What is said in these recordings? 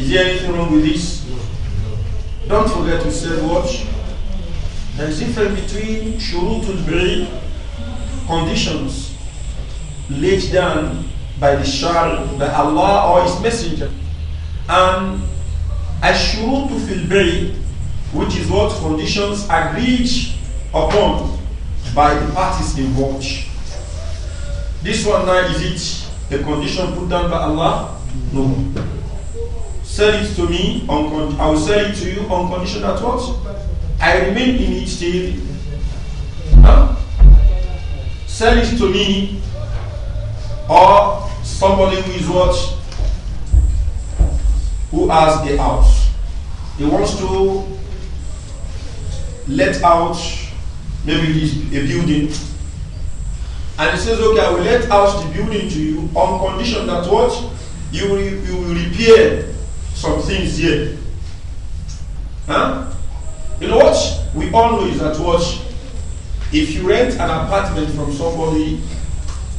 Is there anything wrong with this? Don't forget to say watch. There is difference between the bi'i, conditions laid down by the Shar, by Allah or His Messenger, and a to fil bi'i, which is what conditions agreed upon by the parties involved. This one now is it a condition put down by Allah? No sell it to me, on, I will sell it to you on condition that what? I remain in it still. Huh? Sell it to me or somebody who is what? Who has the house. He wants to let out maybe a building. And he says, okay, I will let out the building to you on condition that what? You will, you will repair some things here. Huh? You know what? We all know is that what if you rent an apartment from somebody,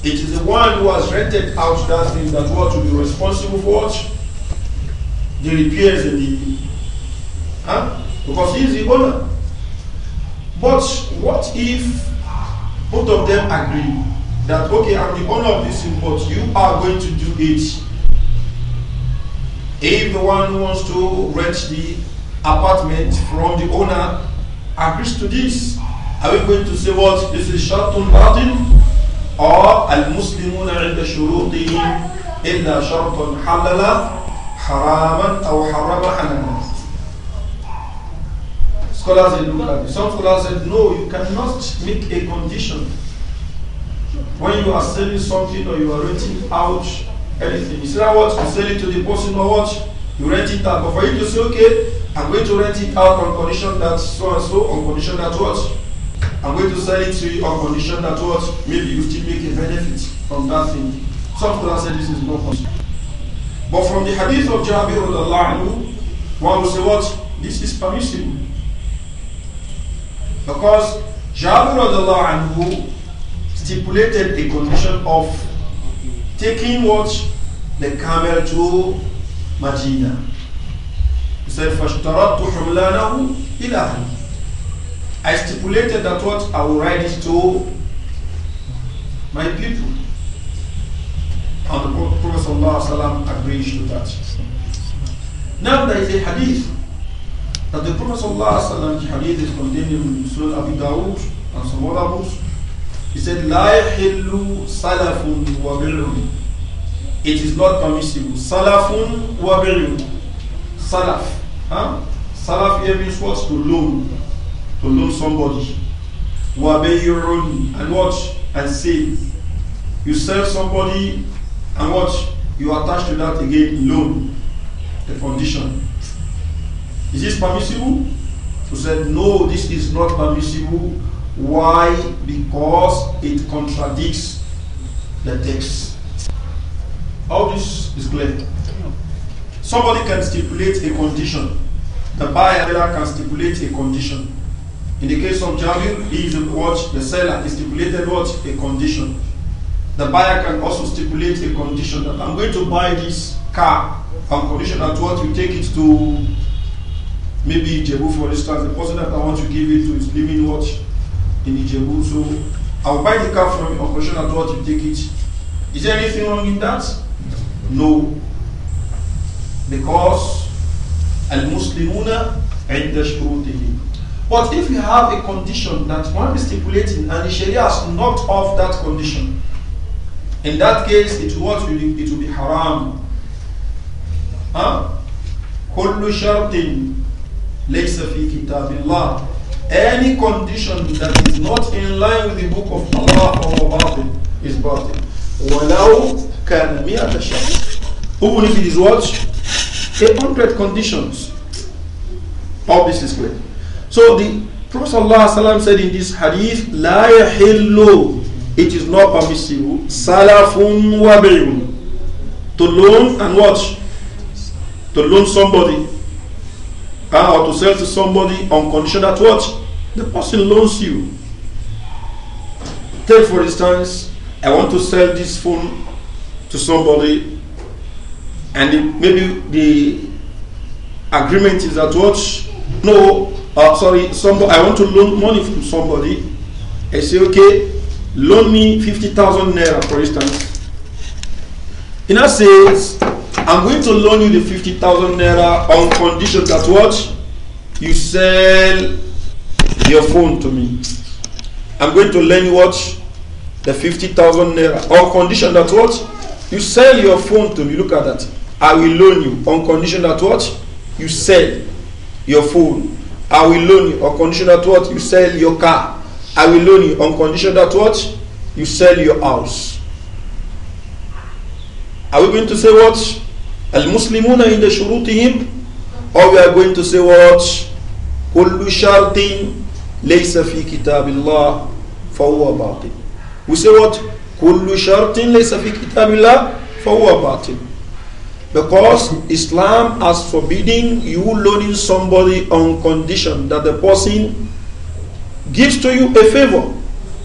it is the one who has rented out that thing that what to be responsible for what? The repairs and the huh? Because he is the owner. But what if both of them agree that okay, I'm the owner of this thing, but you are going to do it if the one who wants to rent the apartment from the owner agrees to this, are we going to say what? This is shartun batin or al muslimun inda shurutihim illa shartun halala haraman aw harama halala. Scholars they look at it. Some scholars said, no, you cannot make a condition when you are selling something or you are renting out anything. It's not what you sell it to the person or what you rent it out. But for you to say, okay, I'm going to rent it out on condition that so and so, on condition that what? I'm going to sell it to you on condition that what? Maybe you still make a benefit from that thing. Some people say this is not possible. But from the hadith of Jabir anhu, one will say what? This is permissible. Because Jabir anhu stipulated a condition of taking what? The camel to Medina. He said, from حُمْلَانَهُ إِلَىٰ I stipulated that what I will write it to my people. And the Prophet ﷺ agreed to that. Now there is a hadith that the Prophet ﷺ hadith is contained in Sunan Abu Dawud and some other books. He said, La yahillu salafun wa It is not permissible. Salafun wa Salaf. Huh? Salaf here means what? To loan. To loan somebody. Wa And what? And say. You sell somebody and what? You attach to that again loan. The condition. Is this permissible? He said, no, this is not permissible why? Because it contradicts the text. All this is clear. Somebody can stipulate a condition. The buyer can stipulate a condition. In the case of Jabir, he is what the seller is stipulated what a condition. The buyer can also stipulate a condition that I'm going to buy this car on condition that what you take it to maybe Jebu, for instance, the person that I want to give it to is living what in Ijebu. So I'll buy the car from you on condition that what you take it. Is there anything wrong in that? No. Because Al-Muslimuna endash شروطه. But if you have a condition that one is stipulating and the Sharia has knocked off that condition, in that case it will, what will, it will be haram. Huh? كل شرط ليس في كتاب الله any condition that is not in line with the book of Allah or Batil is Batil. وَلَوْ كَانَ مِئَةَ Who Even if it is what? A hundred conditions. All this is clear. So the Prophet said in this hadith, لَا يَحِلُّ It is not permissible. سَلَفٌ وَبِعٌ To loan and watch. To loan somebody. Uh, or to sell to somebody on condition that watch." The person loans you. Take, for instance, I want to sell this phone to somebody, and maybe the agreement is that what? No, uh, sorry, somebody, I want to loan money from somebody. I say, okay, loan me 50,000 naira, for instance. He now says, I'm going to loan you the 50,000 naira on condition that what? You sell your phone to me. I'm going to lend you what? The 50,000 naira. On condition that what? You sell your phone to me. Look at that. I will loan you. On condition that what? You sell your phone. I will loan you. On condition that what? You sell your car. I will loan you. On condition that what? You sell your house. Are we going to say what? Al Muslimuna in the shurutihim? Or we are going to say what? Kullu shartin ليس في كتاب الله فهو باطل we say what كل شرط ليس في كتاب الله فهو باطل because Islam has forbidden you loaning somebody on condition that the person gives to you a favor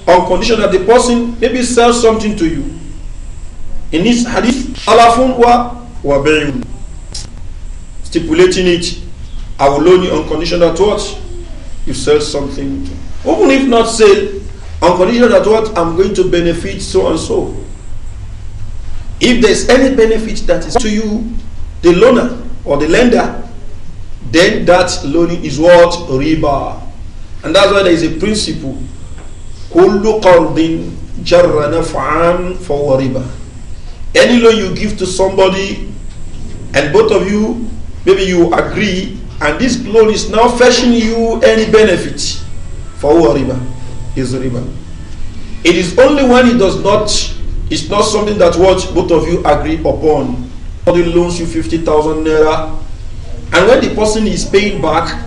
on condition that the person maybe sells something to you in this hadith alafun wa wa stipulating it I will loan you on condition that what you sell something, even if not sell, on condition that what I'm going to benefit so and so. If there's any benefit that is to you, the loaner or the lender, then that loaning is what? Riba. And that's why there is a principle. كل قرض جر نفعا fa ربا. Any loan you give to somebody and both of you, maybe you agree and this loan is now fetching you any benefit, for riba is riba. It is only when it does not, it's not something that what both of you agree upon. The loans you 50,000 naira, and when the person is paying back,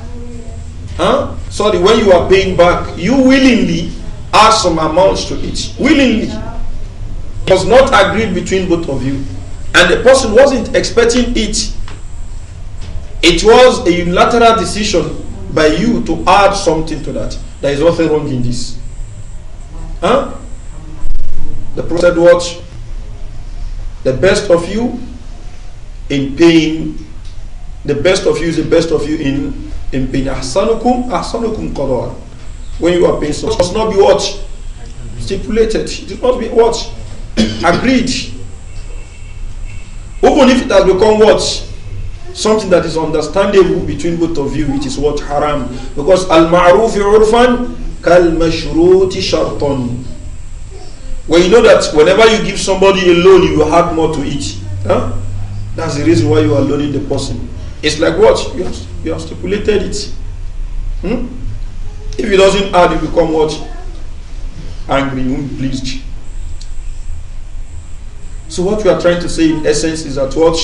huh? sorry, when you are paying back, you willingly add some amounts to it. Willingly. It was not agreed between both of you. And the person wasn't expecting it it was a unilateral decision by you to add something to that. There is nothing wrong in this. Huh? The Prophet watched the best of you in pain. The best of you is the best of you in, in pain. Ahsanukum, ahsanukum qadar. When you are pain, so it must not be what? Stipulated. It must not be what? Agreed. Even if it has become what? something that is understandable between both of you, which is what haram. Because al-ma'ruf urfan kal-mashruti sharton. When you know that whenever you give somebody a loan, you will add more to it. Huh? That's the reason why you are loaning the person. It's like what? You have, you have stipulated it. Hmm? If he doesn't add, you become what? Angry, pleased. So what we are trying to say in essence is that what?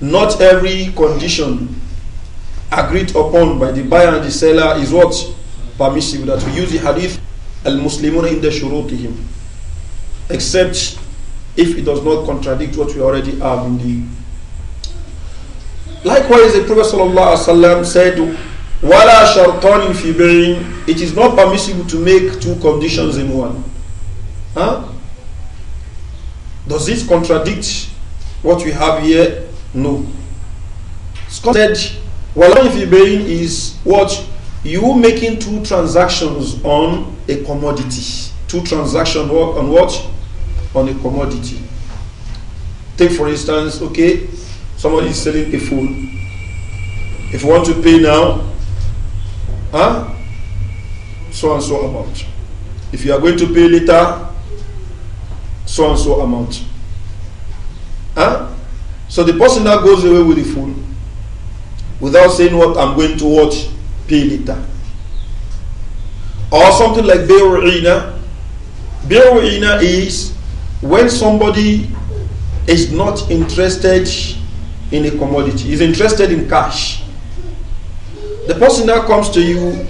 not every condition agreed upon by the buyer and the seller is what permissible that we use the hadith al-muslimun in the shurutihim except if it does not contradict what we already have in the likewise the prophet sallallahu said wala shartan fi bayin it is not permissible to make two conditions in one huh does this contradict what we have here no. Scott said, Wallahi fi bayin is what? You making two transactions on a commodity. Two transactions on what? On a commodity. Take for instance, okay, somebody is selling a phone. If you want to pay now, huh? So and so amount. If you are going to pay later, so and so amount. Huh? So the person that goes away with the food without saying what I'm going to watch, pay later. Or something like Beru'ina. Beru'ina is when somebody is not interested in a commodity, is interested in cash. The person that comes to you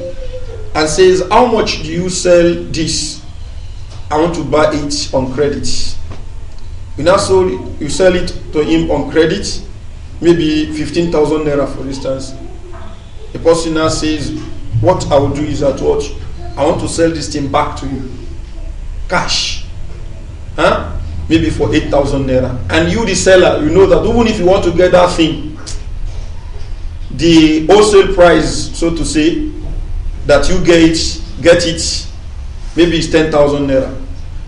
and says, How much do you sell this? I want to buy it on credit. You now sold, you sell it to him on credit, maybe 15,000 naira for instance. The person now says, what I will do is that what I want to sell this thing back to you, cash, huh? Maybe for 8,000 naira. And you, the seller, you know that even if you want to get that thing, the wholesale price, so to say, that you get it, get it, maybe it's 10,000 naira.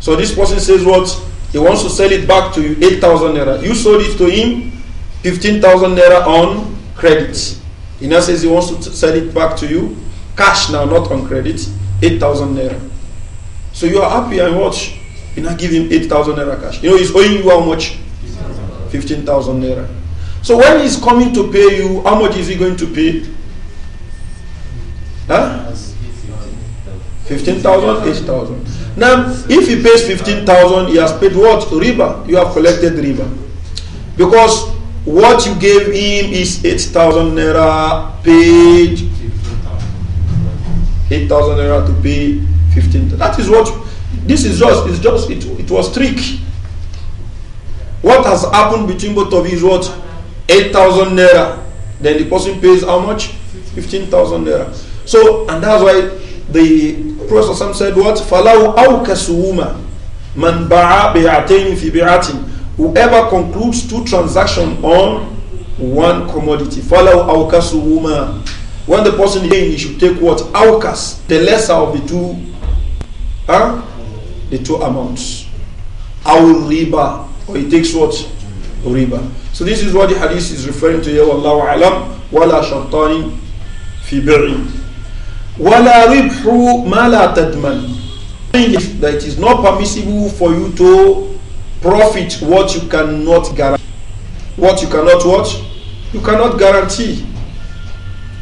So this person says what? He wants to sell it back to you 8,000 naira. You sold it to him 15,000 naira on credit. He now says he wants to sell it back to you cash now, not on credit, 8,000 naira. So you are happy and watch. You now give him 8,000 naira cash. You know, he's owing you how much? 15,000 naira. So when he's coming to pay you, how much is he going to pay? Huh? 15,000, 8,000. Now, if he pays 15,000, he has paid what? river You have collected river, Because what you gave him is 8,000 naira paid. 8,000 naira to pay 15. That is what, this is just, it's just, it, it was trick. What has happened between both of you is what? 8,000 naira. Then the person pays how much? 15,000 naira. So, and that's why the Prophet said what? فَلَوْ أَوْكَسُهُمَا مَنْ بَعَى بِعَتَيْنِ فِي بِعَتٍ Whoever concludes two transactions on one commodity. فَلَوْ woman. When the person is in, he should take what? Awkas, the lesser of the two, huh? the two amounts. Awul riba, or he takes what? Riba. So this is what the hadith is referring to here, Wallahu alam, wala shartani fi bi'in. وَلَا رِبْحُ مَا لَا تَدْمَنُ that it is not permissible for you to profit what you cannot guarantee. What you cannot watch, you cannot guarantee.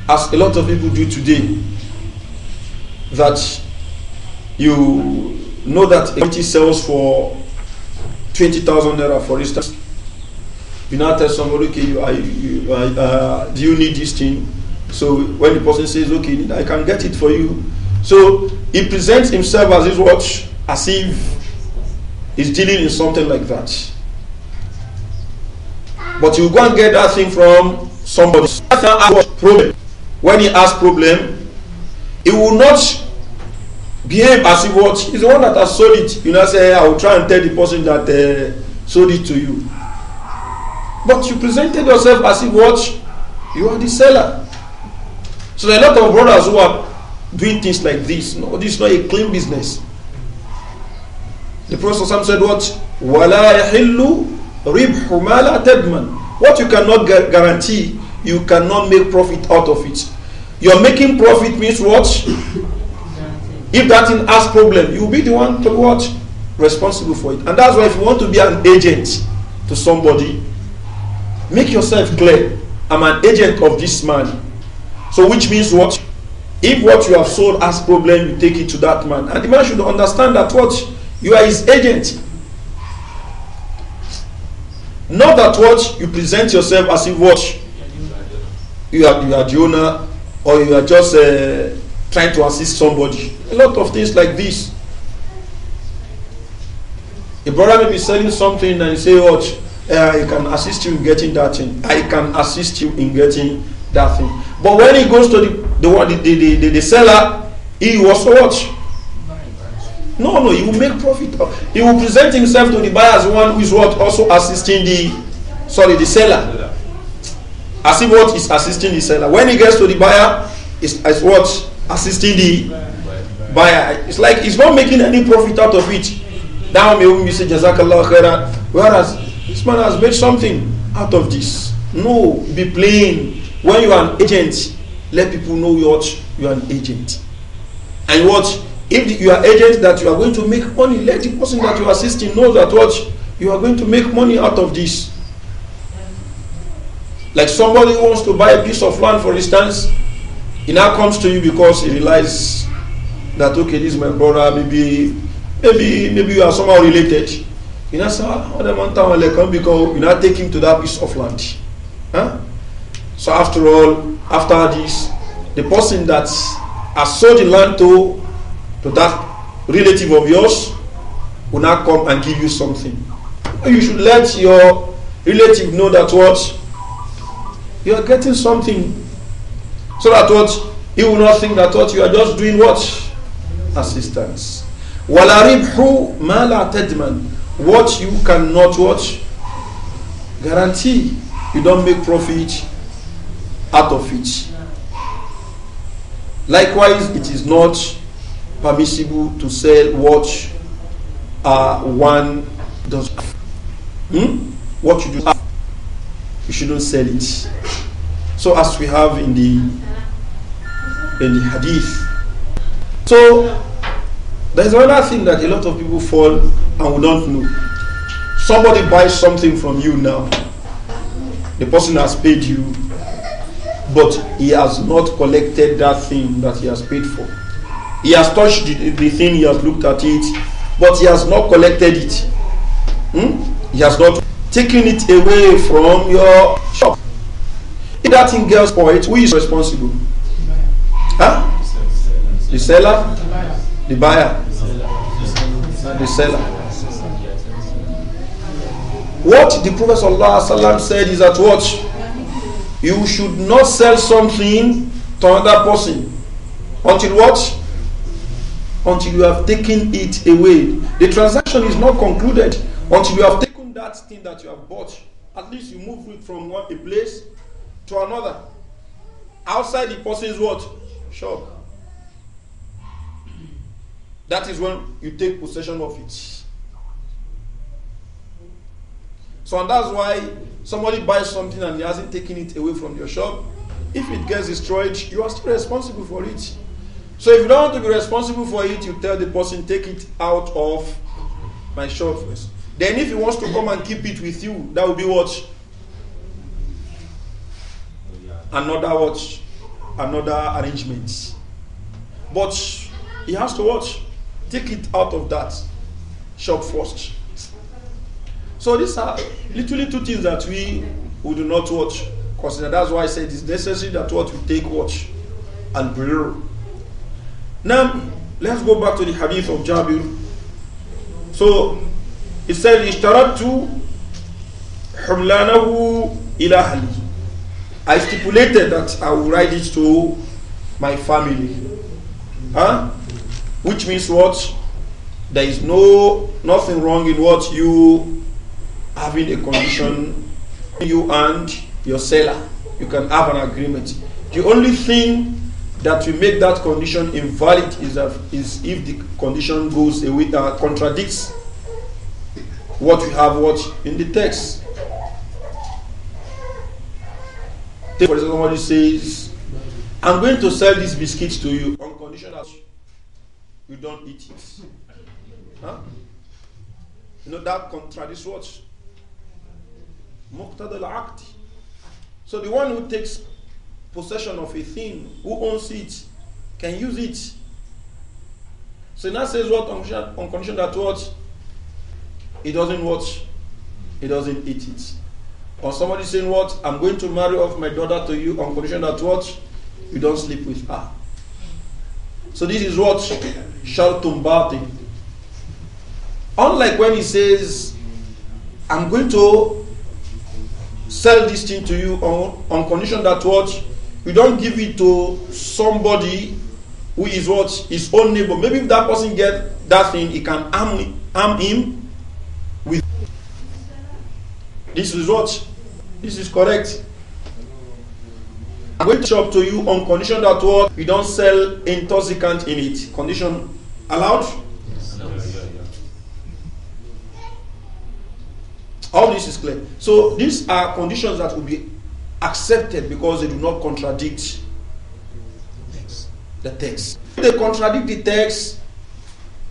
As a lot of people do today, that you know that a commodity sells for 20,000 naira, for instance. You now tell somebody, okay, you, I, you, I, uh, do you need this thing? So when the person says, okay, I can get it for you. So he presents himself as his watch, as if he's dealing in something like that. But you go and get that thing from somebody. Problem. When he has problem, he will not behave as if what he's the one that has sold it. You know, say I will try and tell the person that uh, sold it to you. But you presented yourself as if what you are the seller. So there are a lot of brothers who are doing things like this. No, this is not a clean business. The Prophet said what? وَلَا يَحِلُّ رِبْحُ مَا لَا What you cannot guarantee, you cannot make profit out of it. You're making profit means what? if that thing has problem, you'll be the one to what? Responsible for it. And that's why if you want to be an agent to somebody, make yourself clear. I'm an agent of this man. So which means what? If what you have sold has problem, you take it to that man. And the man should understand that what you are his agent. Not that what you present yourself as if what you are you are the owner or you are just uh, trying to assist somebody. A lot of things like this. A brother may be selling something and you say, what, uh, I can assist you in getting that thing. I can assist you in getting that thing. But when he goes to the the the, the, the, the seller, he was what? No, no, he will make profit. He will present himself to the buyer as one who is what also assisting the sorry the seller. As if what is assisting the seller. When he gets to the buyer, is as what assisting the buyer. It's like he's not making any profit out of it. Now may we say Jazakallah khairan. Whereas this man has made something out of this. No, be plain. When you are an agent, let people know what you are an agent. And what if you are agent that you are going to make money, let the person that you are assisting know that what you are going to make money out of this. Like somebody wants to buy a piece of land, for instance, he now comes to you because he realizes that okay, this is my brother, maybe maybe maybe you are somehow related. You know, sir, how the man I will come because you now take him to that piece of land. Huh? So after all, after this, the person that has sold the land to, to that relative of yours will now come and give you something. you should let your relative know that what you are getting something. So that what he will not think that what you are just doing what? Assistance. وَلَا رِبْحُ مَا What you cannot what? Guarantee. You don't make profit out of it. Likewise, it is not permissible to sell what uh, one does. Hmm? What you do, you shouldn't sell it. So, as we have in the in the hadith. So, there's another thing that a lot of people fall and we don't know. Somebody buys something from you now. The person has paid you but he has not collected that thing that he has paid for. He has touched the, the thing, he has looked at it, but he has not collected it. Hmm? He has not taken it away from your shop. If that thing gets spoiled, who is responsible? Huh? The seller? The buyer? The seller. What the Prophet ﷺ said is that what? you should not sell something to another person until what? Until you have taken it away. The transaction is not concluded until you have taken that thing that you have bought. At least you move it from one place to another. Outside the person's what? Shop. That is when you take possession of it. So and that's why somebody buys something and he hasn't taken it away from your shop. If it gets destroyed, you are still responsible for it. So if you don't want to be responsible for it, you tell the person, take it out of my shop first. Then if he wants to come and keep it with you, that will be what? Another what? Another arrangement. But he has to watch. Take it out of that shop first. So these are literally two things that we, we do not watch. Consider that's why I said it's necessary that what we take watch and Bureau. Now let's go back to the hadith of Jabir. So he said Ishtaratu Humlanahu I stipulated that I will write it to my family. Huh? Which means what? There is no nothing wrong in what you having a condition, you and your seller, you can have an agreement. The only thing that will make that condition invalid is, is if the condition goes away, uh, contradicts what we have what in the text. for example, somebody says, I'm going to sell these biscuits to you on condition that you don't eat it. Huh? You know, that contradicts what? Muqtada al-Aqd. So the one who takes possession of a thing, who owns it, can use it. So now says what on condition that what he doesn't watch, he doesn't eat it. Or somebody saying what I'm going to marry off my daughter to you on condition that what you don't sleep with her. So this is what shartum Unlike when he says, I'm going to sell this thing to you on, on condition that what? You don't give it to somebody who is what? His own neighbor. Maybe if that person get that thing, he can arm arm him with. This is what? This is correct. I'm going to shop to you on condition that what? You don't sell intoxicant in it. Condition allowed? All this is clear. So these are conditions that will be accepted because they do not contradict the text. If they contradict the text,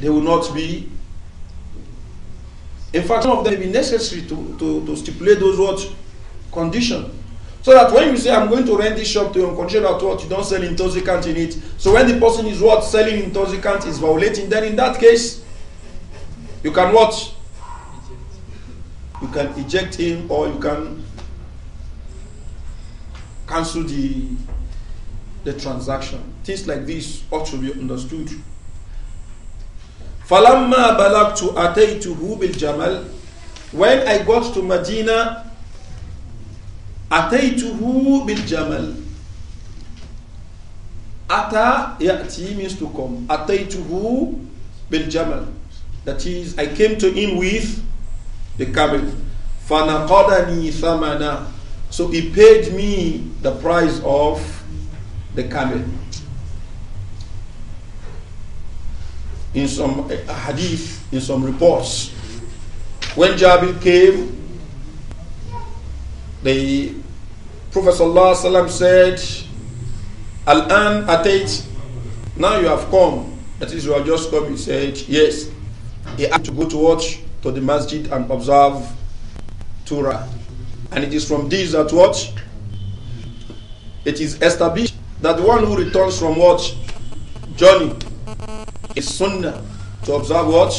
they will not be. In fact, some of them may be necessary to, to, to stipulate those words condition. So that when you say, I'm going to rent this shop to you on condition that what you don't sell intoxicant in it. So when the person is what selling intoxicant is violating, then in that case, you can what? You can eject him or you can cancel the, the transaction. Things like this ought to be understood. فَلَمَّا بَلَغْتُ bil Jamal. When I got to Medina, bil Jamal. Ata ya'ti means to come. Ataytuhu bil jamal. That is, I came to him with the camel. فَنَقَدَنِي ثَمَنَا So he paid me the price of the camel. In some eh, hadith, in some reports, when Jabir came, the Prophet ﷺ said, Al-an atait, now you have come. That is, you have just come. He said, yes. He had to go to watch to the masjid and observe Torah. And it is from this that what? It is established that the one who returns from what? Journey is sunnah to observe what?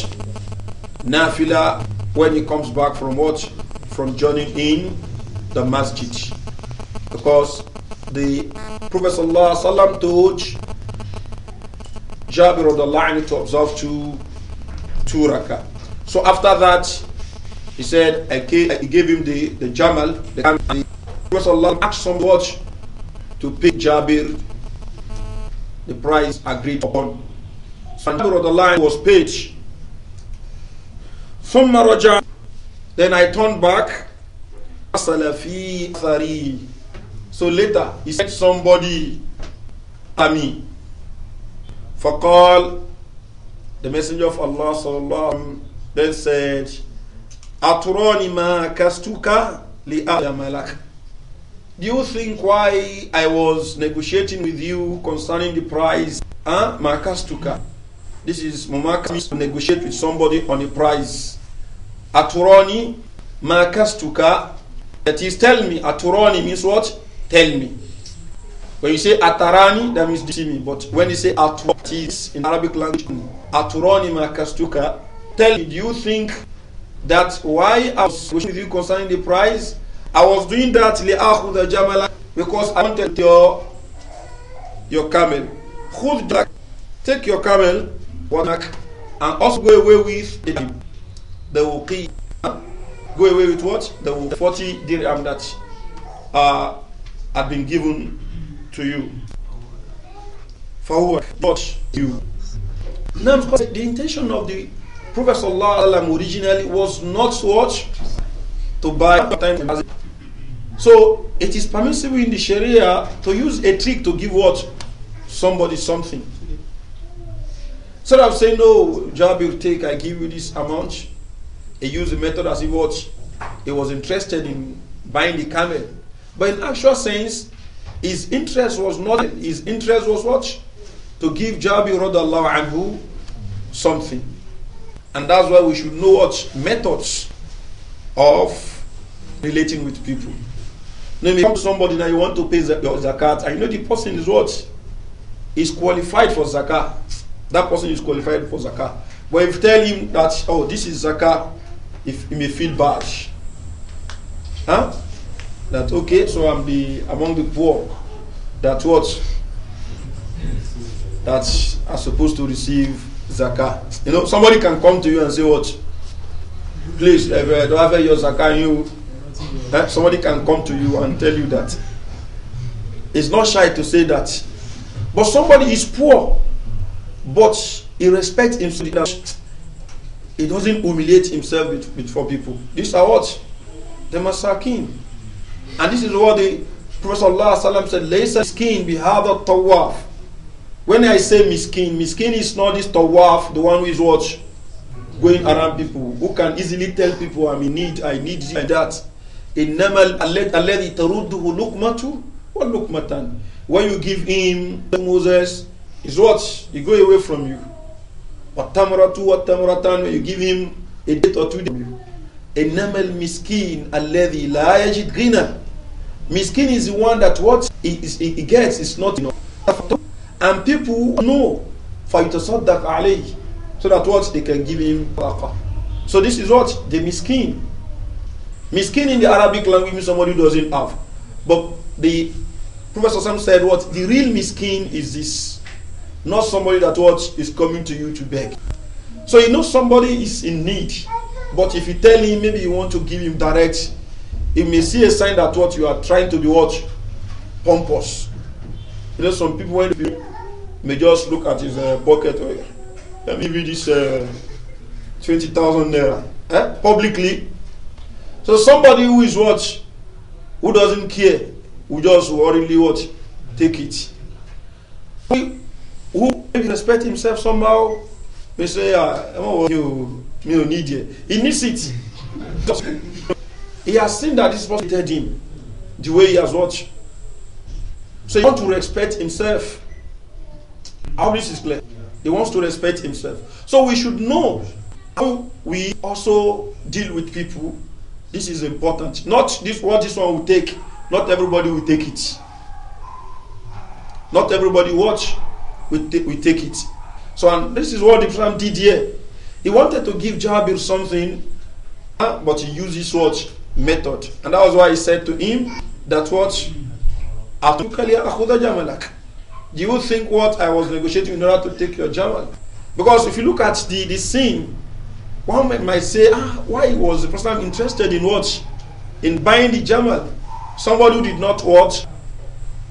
Nafila when he comes back from what? From journey in the masjid. Because the Prophet Sallallahu told Jabir to observe two, two rakah. So after that, he said, I gave, gave him the, the Jamal, the camel, and asked some watch to pay Jabir the price agreed upon. So Jabir of the line was paid. ثم رجع then I turned back Salafi Thari. So later he said somebody Ami. Fakal, the messenger of Allah sallallahu then said, Aturani ma kastuka li malak. Do you think why I was negotiating with you concerning the price? Huh? Makastuka. This is Mumaka to negotiate with somebody on the price. Aturani makastuka. That is, tell me. Aturani means what? Tell me. When you say atarani, that means deceive me. But when you say aturani, in Arabic language, aturani makastuka, tell me, do you think that why I was wishing with you concerning the prize? I was doing that the Jama'la because I wanted your your camel. خذ جملك take your camel and also go away with the the wuqi. Go away with what? The 40 dirham that uh, have been given to you. For what? You. Now, the intention of the Prophet Sallallahu originally was not what? To buy time. So it is permissible in the Sharia to use a trick to give what? Somebody something. Instead of saying, no, job you take, I give you this amount. He used the method as he watch. He was interested in buying the camel. But in actual sense, his interest was not, his interest was what? To give Jabir radiallahu anhu something. And that's why we should know what methods of relating with people. Now, you come to somebody that you want to pay your zakat, and you know the person is what? Is qualified for zakat. That person is qualified for zakat. But if you tell him that, oh, this is zakat, if he may feel bad. Huh? That okay, so I'm the among the poor that what that are supposed to receive zakah. You know, somebody can come to you and say, What? Please, whatever eh, eh, your zakah, you. Eh? Somebody can come to you and tell you that. It's not shy to say that. But somebody is poor, but he respects himself that he doesn't humiliate himself before people. These are what? The masakin. And this is what the Prophet Allah said, Laysa skin bihada tawaf. When I say miskin, miskin is not this tawaf, the one who is what? Going around people, who can easily tell people I'm in need, I need this and that. إنما الذي ترده لقمة واللقمتان When you give him Moses, is what? He go away from you. وَالتَّمْرَةُ وَالتَّمْرَتَانُ When you give him a date or two, إنما المسكين الذي لا يجد غنى Miskin is the one that what he, he, he gets is not enough. And people know for you to that alley, so that what they can give him So this is what the miskin. Miskin in the Arabic language means somebody who doesn't have. But the professor Sam said what the real miskin is this, not somebody that what is coming to you to beg. So you know somebody is in need, but if you tell him maybe you want to give him direct, he may see a sign that what you are trying to be what pompous. You know some people when may just look at his uh, pocket. Let me read this uh, 20,000 naira eh? publicly. So somebody who is what? Who doesn't care, who just worryly what? Take it. Who, who respect himself somehow may say, ah, you, you need it. He needs it. he has seen that this person treated him the way he has watched. So he want to respect himself hope this is clear. He wants to respect himself. So we should know how we also deal with people. This is important. Not this what this one will take. Not everybody will take it. Not everybody watch will, ta- will take it. So and this is what the Prophet did here. He wanted to give Jabir something, but he used his watch method. And that was why he said to him that watch. Do you think what I was negotiating in order to take your camel? Because if you look at the, the scene, one man might say, ah, why was the person interested in what? In buying the camel? Somebody who did not what?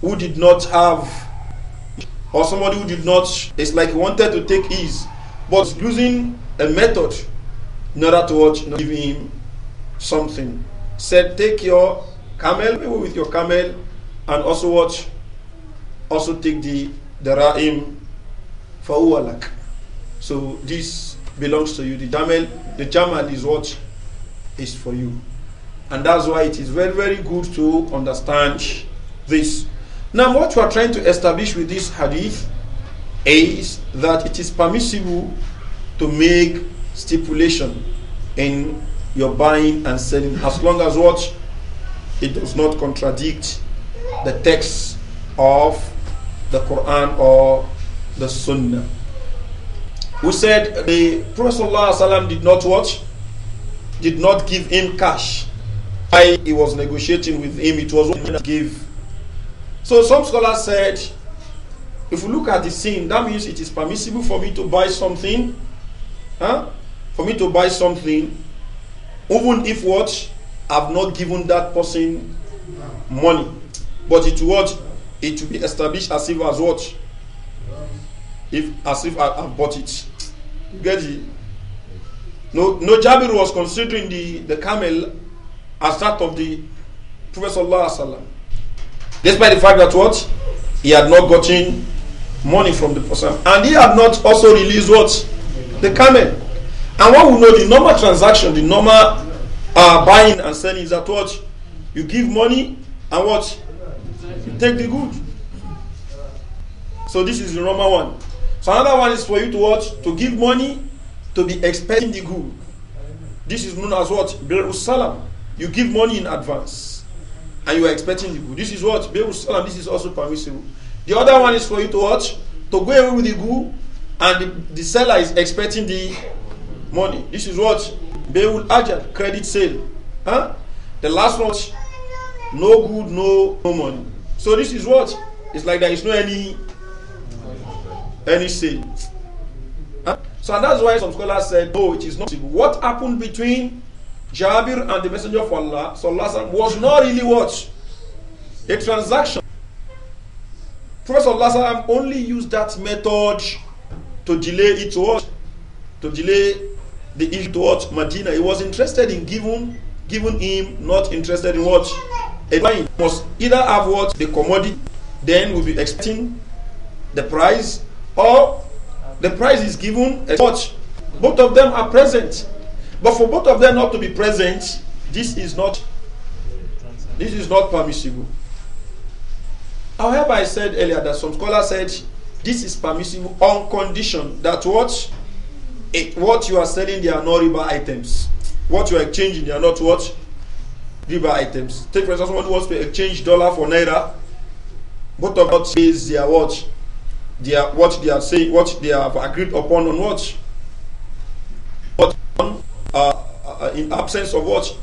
Who did not have. Or somebody who did not. It's like he wanted to take his. But using a method in order to what? You give him something. Said, take your camel, with your camel, and also watch also take the for fa'uwalak. So this belongs to you. The jamal, the jamal is what is for you. And that's why it is very, very good to understand this. Now, what we are trying to establish with this hadith is that it is permissible to make stipulation in your buying and selling as long as what it does not contradict the text of the Quran or the Sunnah. We said the Prophet ﷺ did not watch, did not give him cash. I, he was negotiating with him, it was to give. So some scholars said, if we look at the scene, that means it is permissible for me to buy something, huh? for me to buy something, even if what I've not given that person money, but it was it will be established as if as what? If as if I have bought it. You get it? No, no Jabir was considering the, the camel as that of the Prophet Despite the fact that what? He had not gotten money from the person. And he had not also released what? The camel. And what we know, the normal transaction, the normal uh, buying and selling is that what? You give money and what? take the good. So this is the normal one. So another one is for you to watch To give money to be expecting the good. This is known as what? Beirut Salam. You give money in advance and you are expecting the good. This is what? Beirut Salam. This is also permissible. The other one is for you to watch, to go away with the good and the, the seller is expecting the money. This is what? Beirut Ajal, credit sale. Huh? The last one, no good, no, no money. So this is what? It's like there is no any any sin. Huh? So and that's why some scholars said, no, it is not What happened between Jabir and the Messenger of Allah sallam, was not really what? A transaction. Prophet sallam, only used that method to delay it to what? To delay the issue to what? Medina. He was interested in giving, giving him, not interested in what? A man must either have what the commodity, then will be expecting the price, or the price is given as much. Both of them are present. But for both of them not to be present, this is not this is not permissible. However, I said earlier that some scholars said this is permissible on condition that what it, eh, what you are selling they are not riba items. What you are exchanging they are not what riba items. Take for example, someone who wants to exchange dollar for naira. Both of us says their watch, they are what they are saying, what they have agreed upon on watch. But on, uh, uh, uh, in absence of what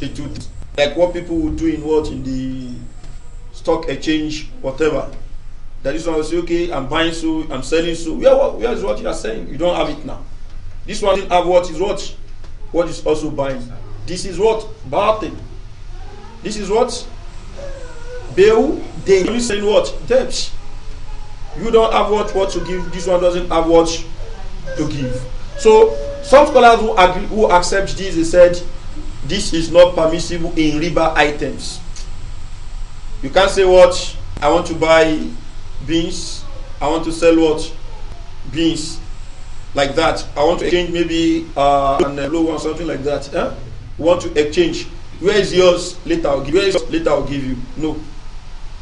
it would like what people would do in what in the stock exchange whatever. That is one I say, okay, I'm buying so, I'm selling so. Where, where is what you are saying? You don't have it now. This one didn't have what is what, what is also buying. This is what bad thing. This is what? Bill Dane. You saying what? debts? You don't have what, what to give. This one doesn't have what to give. So some scholars who, agree, who accept this, they said this is not permissible in riba items. You can't say what I want to buy beans. I want to sell what beans like that. I want to exchange maybe uh, an, low one, something like that. Huh? Eh? Want to exchange? Where is yours? Later I'll give Yours? Later I'll give you. No.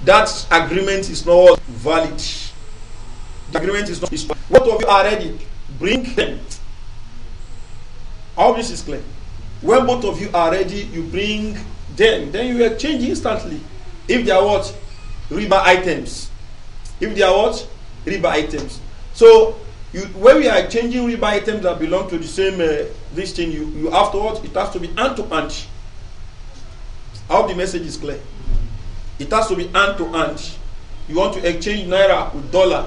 That agreement is not valid. The agreement is not. Is, what of you are ready? Bring them. All this is clear. When both of you are ready, you bring them. Then you exchange instantly. If they are what? Riba items. If they are what? Riba items. So you, when we are exchanging riba items that belong to the same uh, this thing, you, you afterwards it has to be hand to hand. I hope the message is clear. It has to be hand to hand. You want to exchange naira with dollar.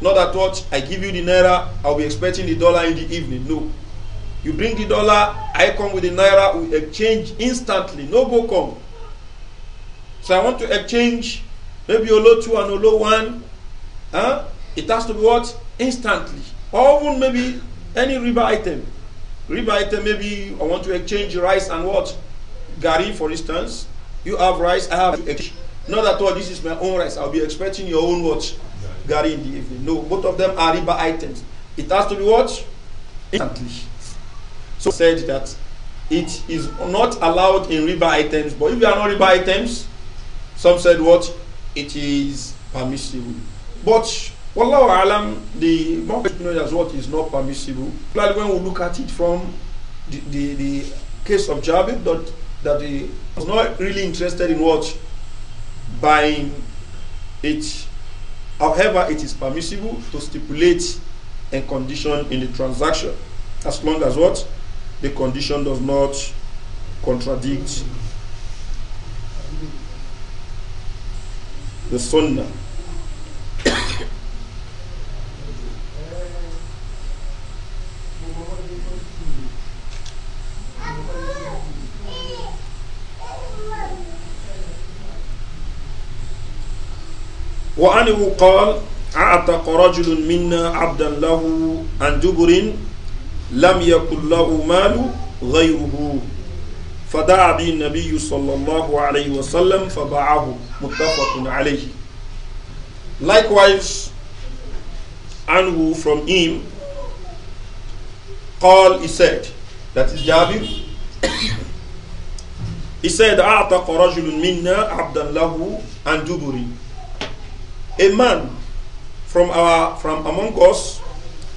Not that what I give you the naira, I'll be expecting the dollar in the evening. No. You bring the dollar, I come with the naira, we exchange instantly. No go come. So I want to exchange maybe a low 2 and a low 1. Huh? It has to be what? Instantly. Or even maybe any river item. River item, maybe I want to exchange rice and what? Gary, for instance, you have rice, I have egg. Not at all, this is my own rice. I'll be expecting your own what? Gary in the evening. No, both of them are riba items. It has to be what? Instantly. So said that it is not allowed in riba items, but if you are not riba items, some said what? It is permissible. But Wallahu alam, the market knows as what is not permissible. Like when we look at it from the, the, the case of Jabir, that he was not really interested in what buying it. However, it is permissible to stipulate a condition in the transaction as long as what the condition does not contradict the sunnah. وعنه قال أعتق رجل منا عبدا له عن جبر لم يكن له مال غيره فدعا به النبي صلى الله عليه وسلم فباعه متفق عليه likewise عنه from him قال he said that is Jabir he said أعتق رجل منا عبدا له عن جبر a man from our from among us,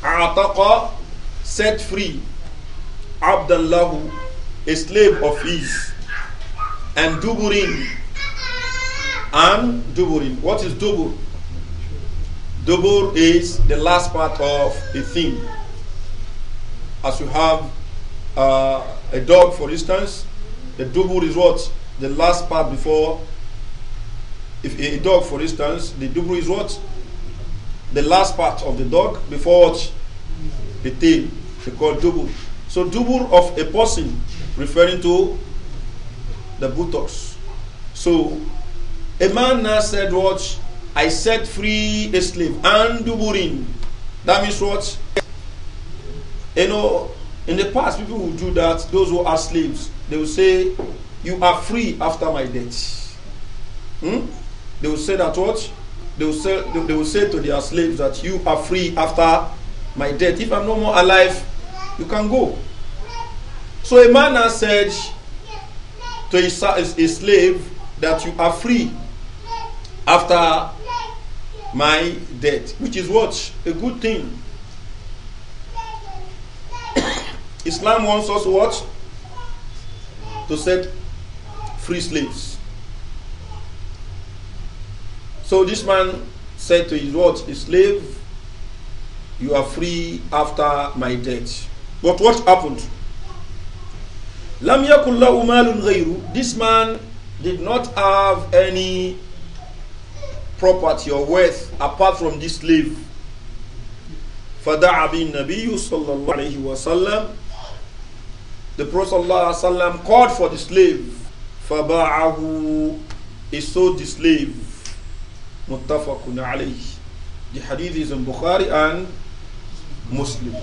Ataqa set free abdullah a slave of his, and Duburin. And Duburin. What is Dubur? Dubur is the last part of a thing. As you have uh, a dog, for instance, the Dubur is what? The last part before if a dog, for instance, the dubru is what? The last part of the dog before what? The tail. They call dubur. So dubur of a person referring to the buttocks. So a man now said what? I set free a slave and duburin. That means what? You know, in the past, people who do that. Those who are slaves, they will say, You are free after my death. Hmm? They will say that what? They will say, they will say to their slaves that you are free after my death. If I'm no more alive, you can go. So a man has said to his, his slave that you are free after my death, which is what? A good thing. Islam wants us what? To set free slaves. So this man said to his what? His slave, you are free after my death. But what happened? This man did not have any property or wealth apart from this slave. فدعا بالنبي صلى الله عليه وسلم The Prophet صلى الله عليه وسلم called for the slave. فباعه He sold the slave muttafaqun alayh. The hadith is in Bukhari and Muslim.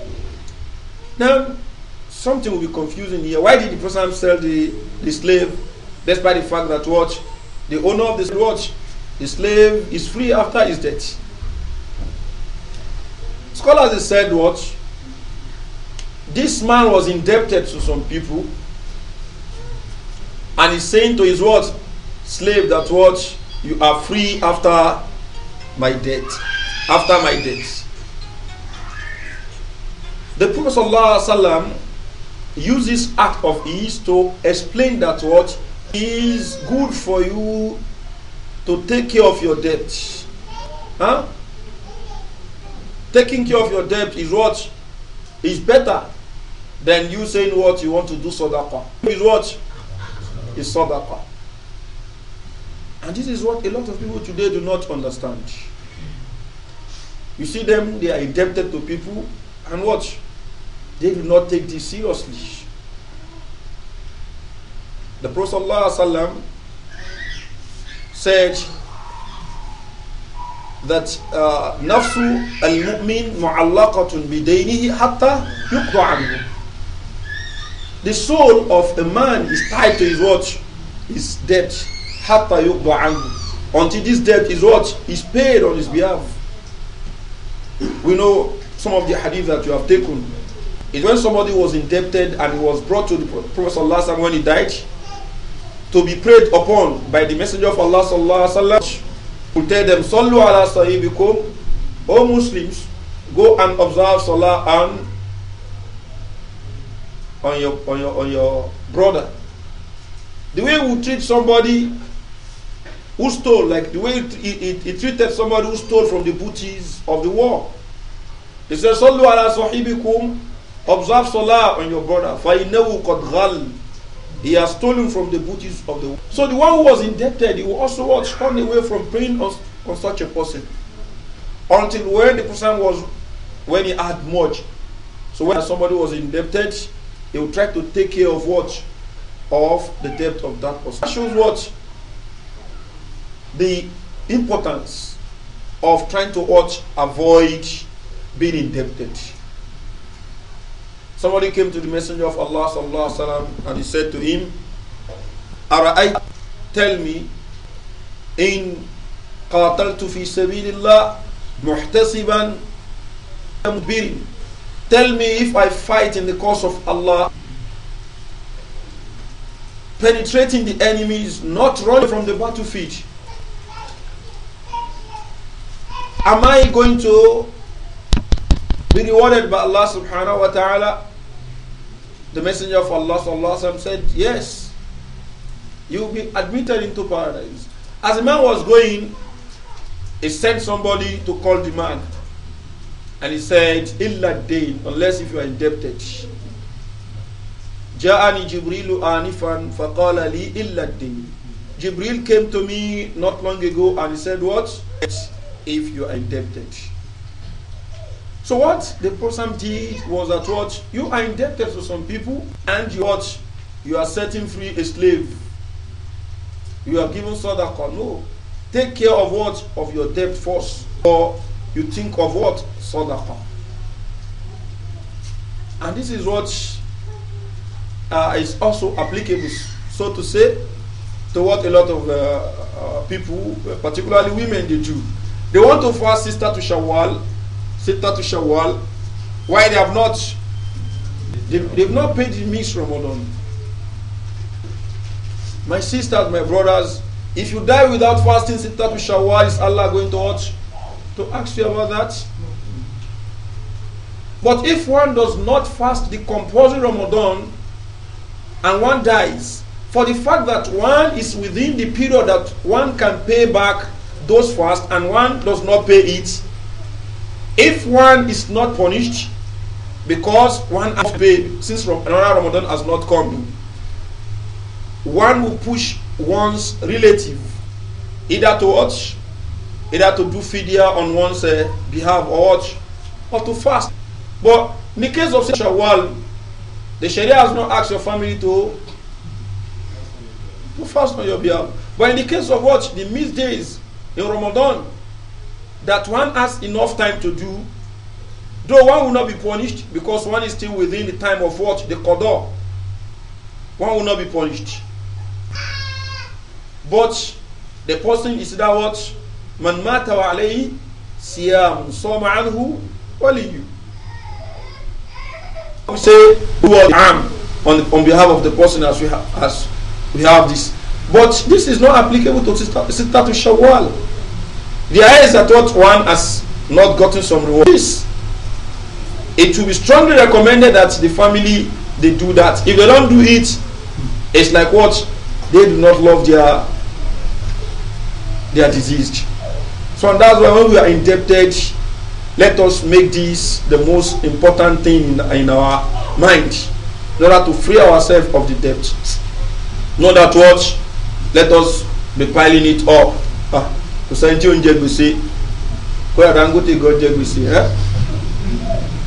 Now, something will be confusing here. Why did the Prophet sell the, the slave despite the fact that watch, the owner of this watch, the slave is free after his death? Scholars have said what? This man was indebted to some people and he's saying to his what? Slave that watch, you are free after my death. After my death. The Prophet ﷺ used this act of his to explain that what is good for you to take care of your debt. Huh? Taking care of your debt is what is better than you saying what you want to do sadaqah. Is what is sadaqah. And this is what a lot of people today do not understand. You see them, they are indebted to people, and watch, They do not take this seriously. The Prophet ﷺ said that uh, nafsu al-mu'min mu'allaqatun bidaynihi hatta The soul of a man is tied to his watch, his debt. Hatta Until this debt is what? Is paid on his behalf. We know some of the hadith that you have taken. Is when somebody was indebted and he was brought to the Prophet Sallallahu when he died to be prayed upon by the Messenger of Allah Sallallahu Alaihi tell them, Sallu ala sahibikum, O Muslims, go and observe Salah on on your on your on your brother. The way we treat somebody who stole, like the way it, treated somebody who stole from the booties of the war. He says, Sallu ala sahibikum, observe salah on your brother, فَإِنَّهُ قَدْ غَلْ He has stolen from the booties of the war. So the one who was indebted, he will also what, turn away from praying on, on such a person. Until when the person was, when he had much. So when somebody was indebted, he will try to take care of what? Of the debt of that person. That shows what? the importance of trying to watch, avoid being indebted. Somebody came to the Messenger of Allah sallallahu sallam, and he said to him, Ara'ay, tell me, in qataltu fi sabilillah muhtasiban mudbirin. Tell me if I fight in the cause of Allah, penetrating the enemies, not running from the battlefield. am I going to be rewarded by Allah subhanahu wa ta'ala? The Messenger of Allah sallallahu said, Yes, you will be admitted into paradise. As the man was going, he sent somebody to call the man. And he said, Illa dain, unless if you are indebted. Ja'ani Jibril anifan faqala li illa Jibril came to me not long ago and he said, What? if you are indebted. So what the person did was that what you are indebted to some people and you what you are setting free a slave. You are given sadaqah. No. Take care of what? Of your debt first. Or you think of what? Sadaqah. And this is what uh, is also applicable, so to say, to what a lot of uh, uh, people, uh, particularly women, they do. They want to fast sister to Shawwal, sister to Shawwal, why they have not, they've, they've not paid the mixed Ramadan. My sisters, my brothers, if you die without fasting sister to Shawwal, is Allah going to watch? To ask you about that? But if one does not fast the compulsory Ramadan and one dies, for the fact that one is within the period that one can pay back those fast and one does not pay it, if one is not punished because one has paid since another Ramadan has not come, one will push one's relative either to watch, either to do fidya on one's uh, behalf or watch, or to fast. But in the case of Shawwal, the Sharia has not asked your family to, to fast on your behalf. But in the case of what? The missed days, in Ramadan that one has enough time to do, though one will not be punished because one is still within the time of what? The Qadar. One will not be punished. But the person is that what? Man mata wa alayhi siyam soma anhu waliyu. We say, who are the on, on behalf of the person as we, have, as we have this But this is not applicable to sister, to Shawwal. The eyes that what one has not gotten some reward. This, it will be strongly recommended that the family they do that. If they don't do it, it's like what they do not love their their diseased. So that's why when we are indebted, let us make this the most important thing in, in our mind in order to free ourselves of the debt. Know that what let us be piling it up ah, ó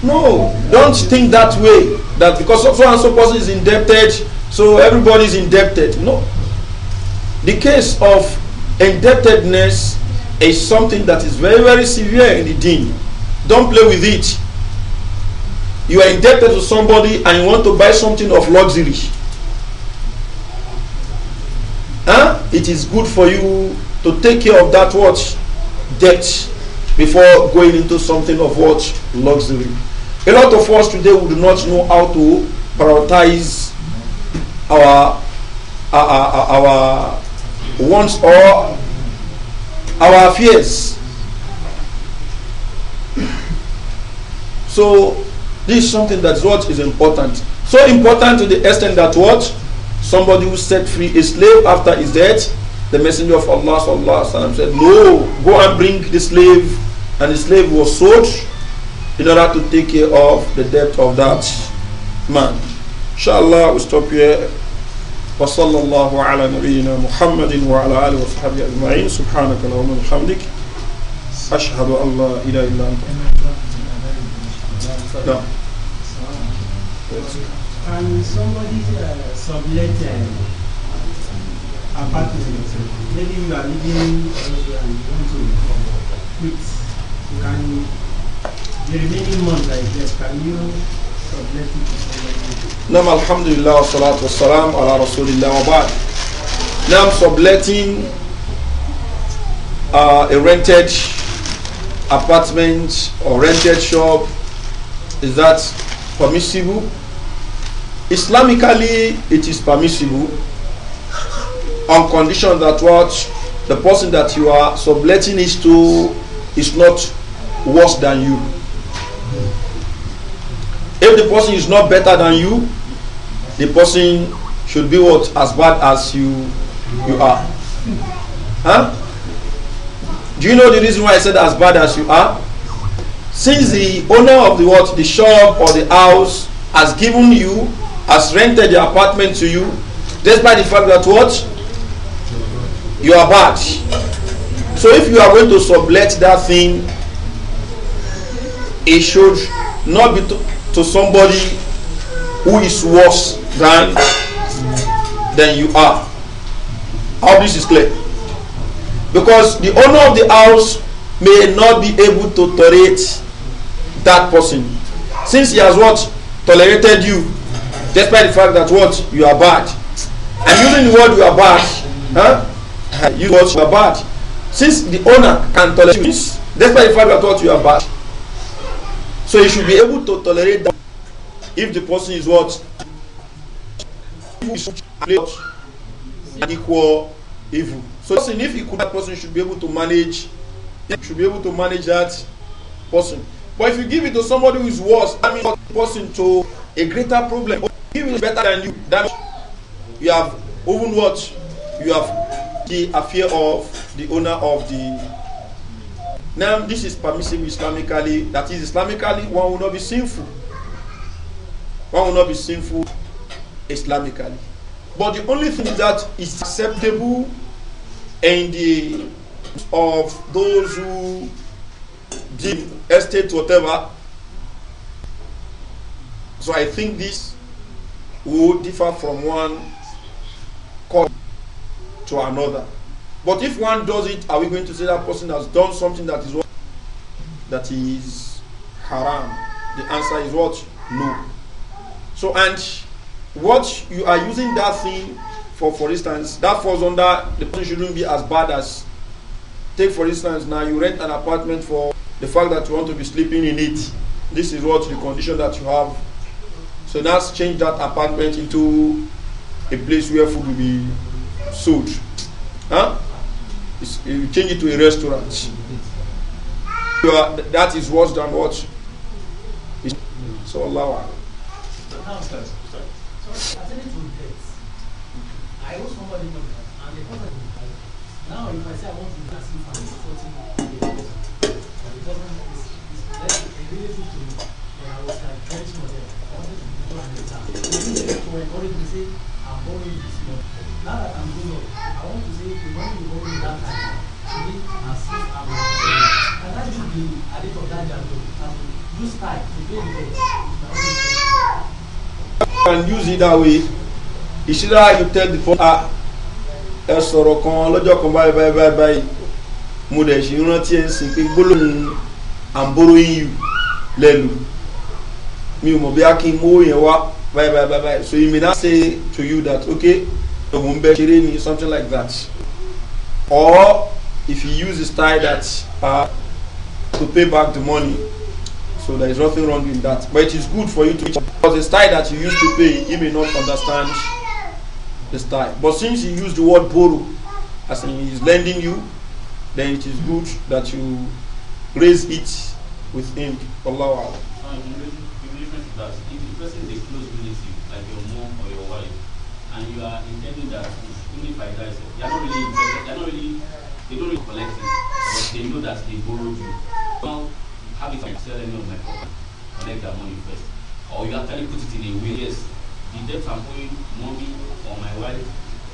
no don't think that way that because so and so person is indebted so everybody is indebted no the case of indebtedness is something that is very very severe in the deen don't play with it you are indebted to somebody and you want to buy something of luxury huh? it is good for you to take care of that watch debt before going into something of watch luxury. A lot of us today would not know how to prioritize our our, our wants or our fears. So this is something that's what is important. So important to the extent that what somebody who set free a slave after his death, the messenger of Allah وسلم, said, No, go and bring the slave. And the slave was sold in order to take care of the debt of that man. Inshallah, we stop here. وصلى الله على نبينا محمد وعلى آله وصحبه أجمعين سبحانك اللهم وبحمدك أشهد أن لا إله إلا أنت نعم Can somebody uh, sublet an uh, apartment? Maybe you are living elsewhere and you want to quit. You can the remaining month like this, can you sublet it to somebody? Nam alhamdulillah wa salatu wa salam ala rasulillah wa ba'd. Now subletting uh, a rented apartment or rented shop is that permissible? Islamically, it is permissible on condition that what the person that you are subletting is to is not worse than you. If the person is not better than you, the person should be what as bad as you you are. Huh? Do you know the reason why I said as bad as you are? Since the owner of the what the shop or the house has given you has rented the apartment to you, despite the fact that what? You are bad. So if you are going to sublet that thing, it should not be to, to somebody who is worse than than you are. All this is clear. Because the owner of the house may not be able to tolerate that person. Since he has what? Tolerated you, despite the fact that what you are bad. I'm using the word you are bad. Huh? You what you are bad. Since the owner can tolerate you, despite the fact that what you are bad, so you should be able to tolerate that if the person is what equal evil. So if he could, that person should be able to manage. Should be able to manage that person. But if you give it to somebody who is worse, I mean, person to a greater problem even better than you. That you have even what you have the affair of the owner of the. Now this is permissible Islamically. That is Islamically, one will not be sinful. One will not be sinful Islamically. But the only thing that is acceptable in the of those who give estate whatever. So I think this who differ from one cause to another. But if one does it, are we going to say that person has done something that is what? That is haram. The answer is what? No. So, and what you are using that thing for, for instance, that falls under the person shouldn't be as bad as. Take for instance, now you rent an apartment for the fact that you want to be sleeping in it. This is what the condition that you have so now change that apartment into a place where food will be sold. Huh? It's, you change it to a restaurant. Are, that is worse than what? It's, so Allah. now if I say I want to related to me, I was like, plan later. Maybe they want to encourage me say, I'm borrowing this money. Now that I'm grown up, I want to say the money you borrowed that time, today and since I'm not Can I use the adit of that jango as use time to pay the debt? You can use it that way. It's either you tell the phone, ah, ẹ sọ̀rọ̀ kan lọ́jọ́ kan báyìí báyìí báyìí báyìí mo dẹ̀ ṣe rántí ẹ̀ ń sìn pé gbólóhùn I'm borrowing you lẹ́nu. mọ̀ so he may not say to you that okay the bẹ ṣeré ni something like that or if he uses tie that uh, to pay back the money so there is nothing wrong in that but it is good for you to because the tie that you use to pay he may not understand the tie but since he used the word borrow as in he is lending you then it is good that you raise it with him. Allahu Akbar. that if the person is close relative, like your mom or your wife, and you are intending that even if I die, so they are not really they are not really, they don't really collect it, but they know that they borrowed you. Now, have it like sell any of my property, collect that money first. Or you actually put it in a will, yes, the debt I'm owing mommy or my wife,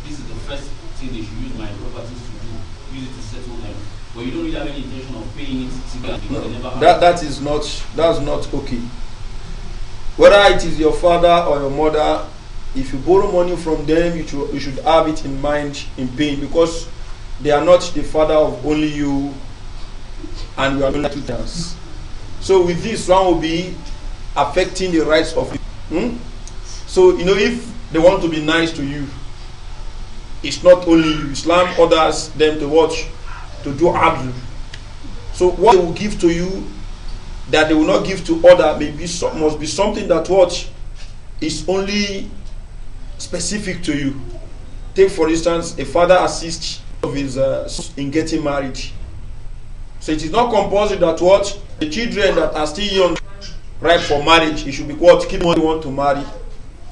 this is the first thing they should use my properties to do, use it to settle them. But you don't really have any intention of paying it together because no, they never that, that is not, that's not okay. Whether it is your father or your mother, if you borrow money from them, you should, you should have it in mind in pain because they are not the father of only you and you are not kittens. So with this, one will be affecting the rights of hmm? So, you know, if they want to be nice to you, it's not only you. Islam orders them to watch, to do abdu. So what they will give to you that they will not give to other may be some, must be something that what is only specific to you. Take for instance, a father assists of his uh, in getting married. So it is not compulsory that what the children that are still young, ripe for marriage, it should be what keep one want to marry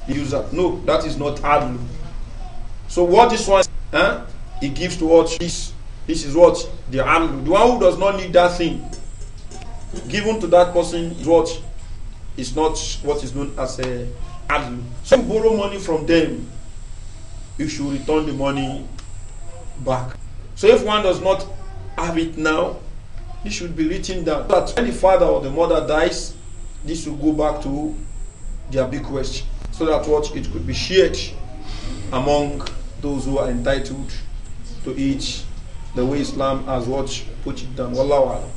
the user. No, that is not adlu. So what this one, huh? He gives to what this. This is what the adlu. The one who does not need that thing given to that person is what is not what is known as a adl. So you borrow money from them, you should return the money back. So if one does not have it now, it should be written down. That when the father or the mother dies, this will go back to their bequest. So that what it could be shared among those who are entitled to each the way Islam has what put it down. Wallahu alam.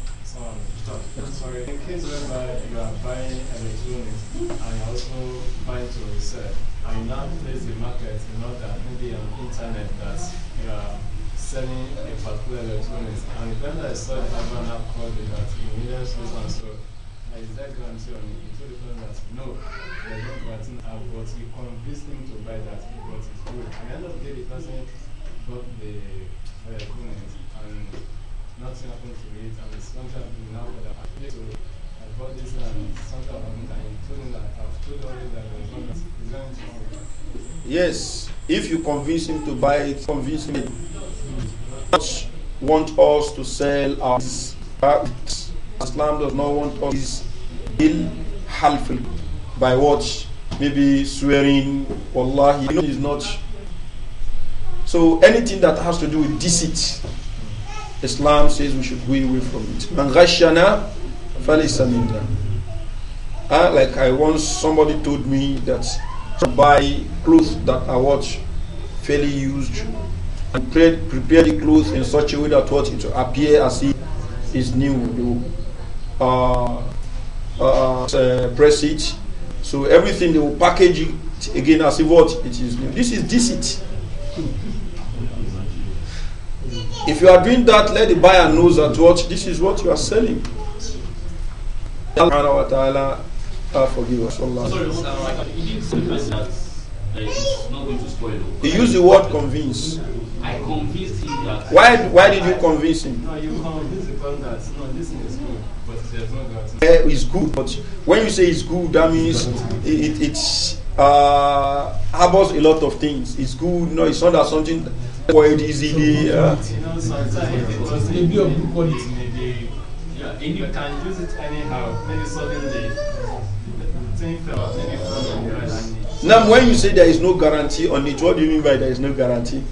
I'm sorry. In case whereby you are buying electronics and you're also buying to resell, I now place the market in order maybe on internet that you are selling a particular electronics. And the vendor is saw the banner called that in millions so and so. Now is that guarantee on it? He told the vendor that no, there's no guarantee. But he convince him to buy that because it's good. And at the end of the day, the person bought the uh, electronics and nothing happened to it, and it's something happened now for the happy. So I bought this, and um, something I told him that I've told already that I going to Yes, if you convince him to buy it, convince him. Much want us to sell our products. Islam does not want us ill halful by what maybe swearing wallahi you is not so anything that has to do with deceit Islam says we should go away from it. Uh, like I once somebody told me that to buy clothes that are what fairly used and pre prepare the clothes in such a way that what it will appear as if it's new. Uh, uh, uh, press it. So everything they will package it again as if what it is new. This is deceit. If you are doing that, let the buyer know that what this is what you are selling. Allah wa ta'ala uh, forgive us. Allah. Sorry, he used the word convince. I convinced him that. Why, why did you convince him? No, you convinced the that no, this is good, but there's no guarantee. Eh, it's good, but when you say it's good, that means it, it, it's uh, harbors a lot of things. It's good, no, it's not that something quite easily. So, it can use it anyhow. Now, when you say there is no guarantee on it, what do you mean by there is no guarantee?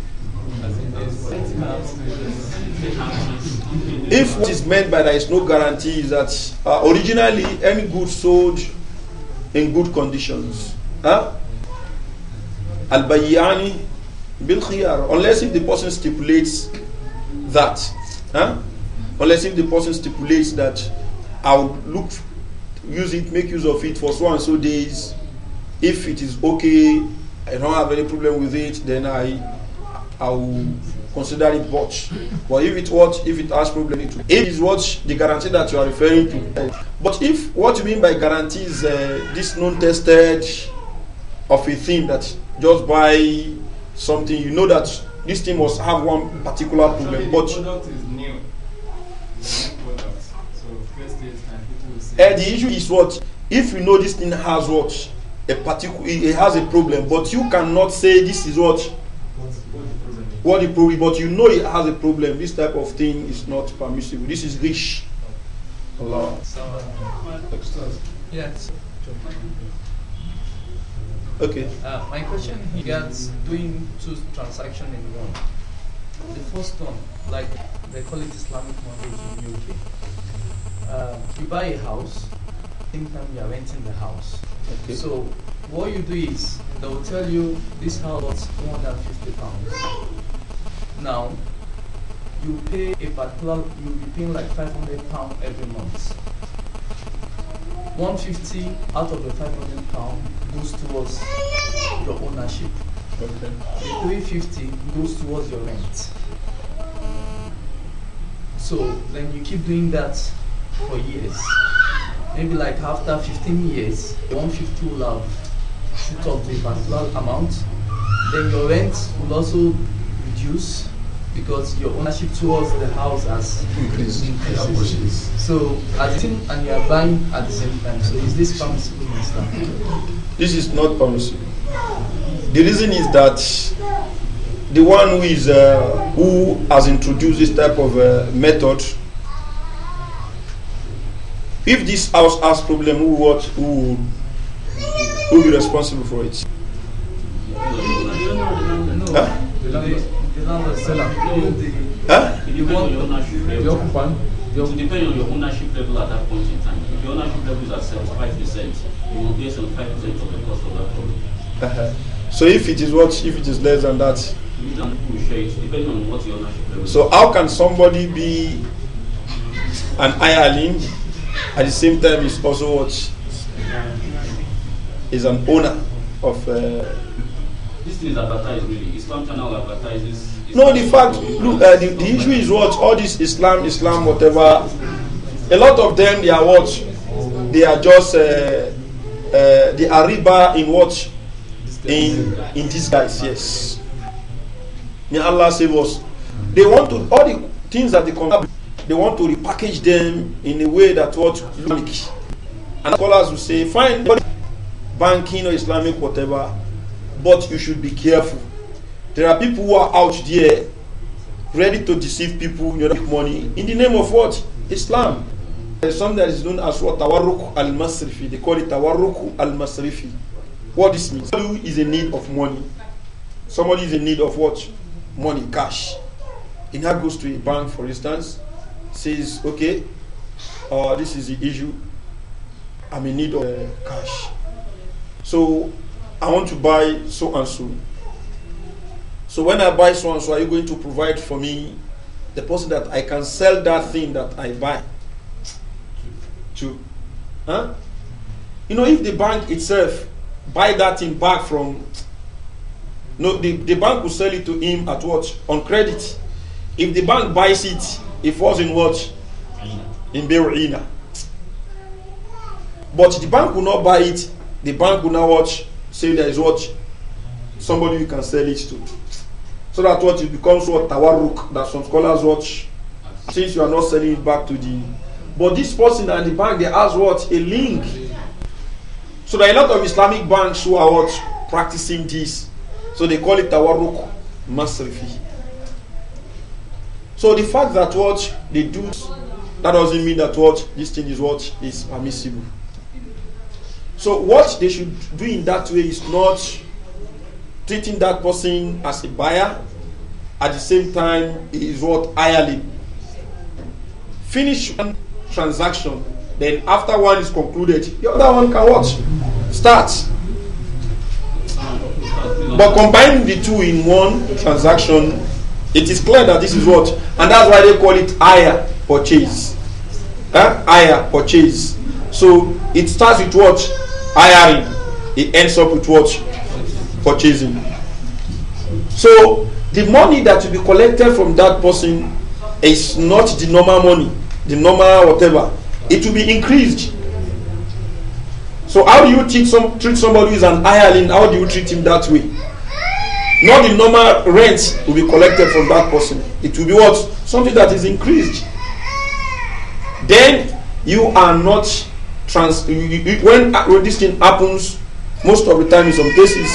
If what is meant by there is no guarantee is that uh, originally any goods sold in good conditions, huh? Al-Bayyani Bilkhiyar, unless if the person stipulates that. Huh? Unless if the person stipulates that I would look, use it, make use of it for so and so days. If it is okay, I don't have any problem with it, then I I will consider it bought. But if it what if it has problem, it will. It is what the guarantee that you are referring to. But if what you mean by guarantee is uh, this non-tested of a thing that just by something, you know that this thing must have one particular problem. but the product is new. new product. So first and will say. Uh, the issue is what if you know this thing has what a particular it has a problem, but you cannot say this is what what the problem. But you know it has a problem. This type of thing is not permissible. This is rich. Allah. Yes. Okay. Uh, my question regards doing two transactions in one. The first one, like they call it Islamic mortgage in UK. Uh, you buy a house, same time you are renting the house. Okay. So what you do is they will tell you this house costs 150 pounds. Now you pay a particular you'll be paying like 500 pounds every month. 150 out of the 500 pound goes towards your ownership. The 350 goes towards your rent. So then you keep doing that for years. Maybe like after 15 years, the 150 will have shoot up to a amount. Then your rent will also reduce because your ownership towards the house has increased. increases. So as in and you are buying at the same time. So is this permissible in This is not permissible. The reason is that the one who is uh, who has introduced this type of uh, method. If this house has problem, who what who who will be responsible for it? Huh? Huh? It depends on your ownership level at that point in time. If your ownership level is at you will pay percent of the cost of that property. Uh-huh. So if it is what if it is less than that, so how can somebody be an hireling at the same time is also what is an owner of uh, this thing is advertised really. Islam Channel advertises no, the fact, look, uh, the, the issue is what all this Islam, Islam, whatever. A lot of them, they are what they are just uh, uh, they are in what in in disguise. Yes, may Allah save us. They want to all the things that they control, they want to repackage them in a way that what look. And scholars will say, fine, banking or Islamic whatever, but you should be careful there are people who are out there ready to deceive people in order to make money in the name of what? Islam. There's something that is known as what Tawarruk al Masrifi. They call it Tawarruk al Masrifi. What this means? Somebody is in need of money. Somebody is in need of what? Money, cash. He now goes to a bank, for instance, says, okay, uh, this is the issue. I'm in need of uh, cash. So I want to buy so and so. So when I buy so and so, are you going to provide for me the person that I can sell that thing that I buy to? Huh? You know, if the bank itself buy that thing back from no, the, the bank will sell it to him at what? On credit. If the bank buys it, it falls in what? In Beruina. But the bank will not buy it. The bank will not watch, say there is what? Somebody you can sell it to. So that what it becomes what Tawaruk that some scholars watch. Since you are not selling it back to the but this person at the bank they ask what a link. So there are a lot of Islamic banks who are what practicing this. So they call it Tawaruk masrifi. So the fact that what they do that doesn't mean that what this thing is what is permissible. So what they should do in that way is not treating that person as a buyer at the same time he is what hireling finish one transaction then after one is concluded the other one can watch, start but combining the two in one transaction it is clear that this is what and that's why they call it hire purchase eh? hire purchase so it starts with what hiring it ends up with what purchasing. So the money that will be collected from that person is not the normal money, the normal whatever. It will be increased. So how do you treat, some, treat somebody who is an hireling? How do you treat him that way? Not the normal rent will be collected from that person. It will be what? Something that is increased. Then you are not trans. You, you, when, when this thing happens, most of the time in some cases,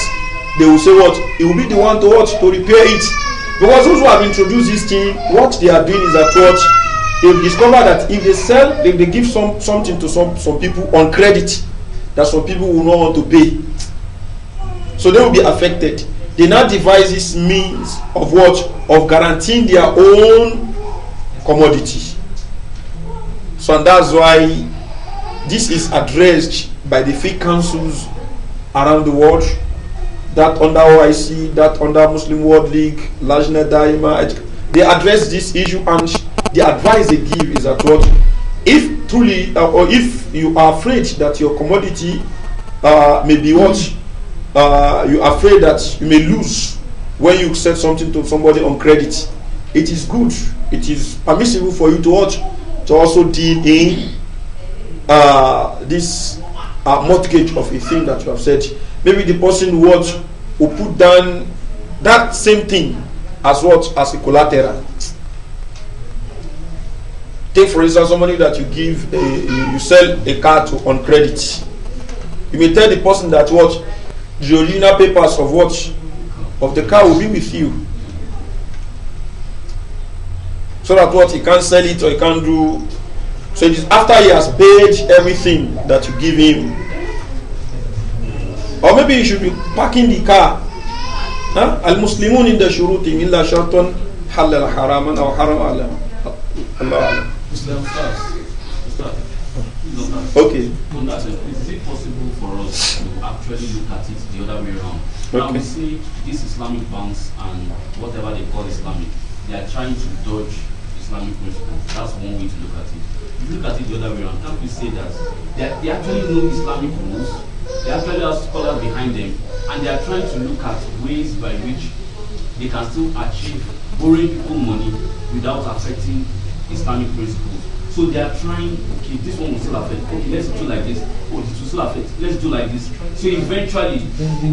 they will say what? He will be the one to what? To repair it. Because those who have introduced this thing, what they are doing is that what? they discover that if they sell, they they give some something to some, some people on credit, that some people will not want to pay. So they will be affected. They now devise this means of what? Of guaranteeing their own commodity. So and that's why this is addressed by the fake councils around the world that under OIC, that under Muslim World League, Lajna Daima, they address this issue and the advice they give is that what if truly uh, or if you are afraid that your commodity uh, may be what uh, you are afraid that you may lose when you sell something to somebody on credit, it is good, it is permissible for you to watch to also deal in uh, this uh, mortgage of a thing that you have said. maybe the person what will put down that same thing as what as a collateral. Take for instance somebody that you give a, you sell a car to on credit. You may tell the person that what the original papers of what of the car will be with you. So that what he can't sell it or he can't do. So it is after he has paid everything that you give him Or maybe you should be parking the car. Al-Muslimun in the shurutim illa shartan halal haraman or haram alam. Allah Okay. Is it possible for us to actually look at it the other way around? Okay. Now we see these Islamic banks and whatever they call Islamic, they are trying to dodge Islamic principles. That's one way to look at it look at it the other way around, how we say that? They, they actually know Islamic rules, they actually have scholars behind them, and they are trying to look at ways by which they can still achieve borrowing people money without affecting Islamic principles. So they are trying, okay, this one will still affect, okay, let's do like this, oh, this will still affect, let's do like this. So eventually,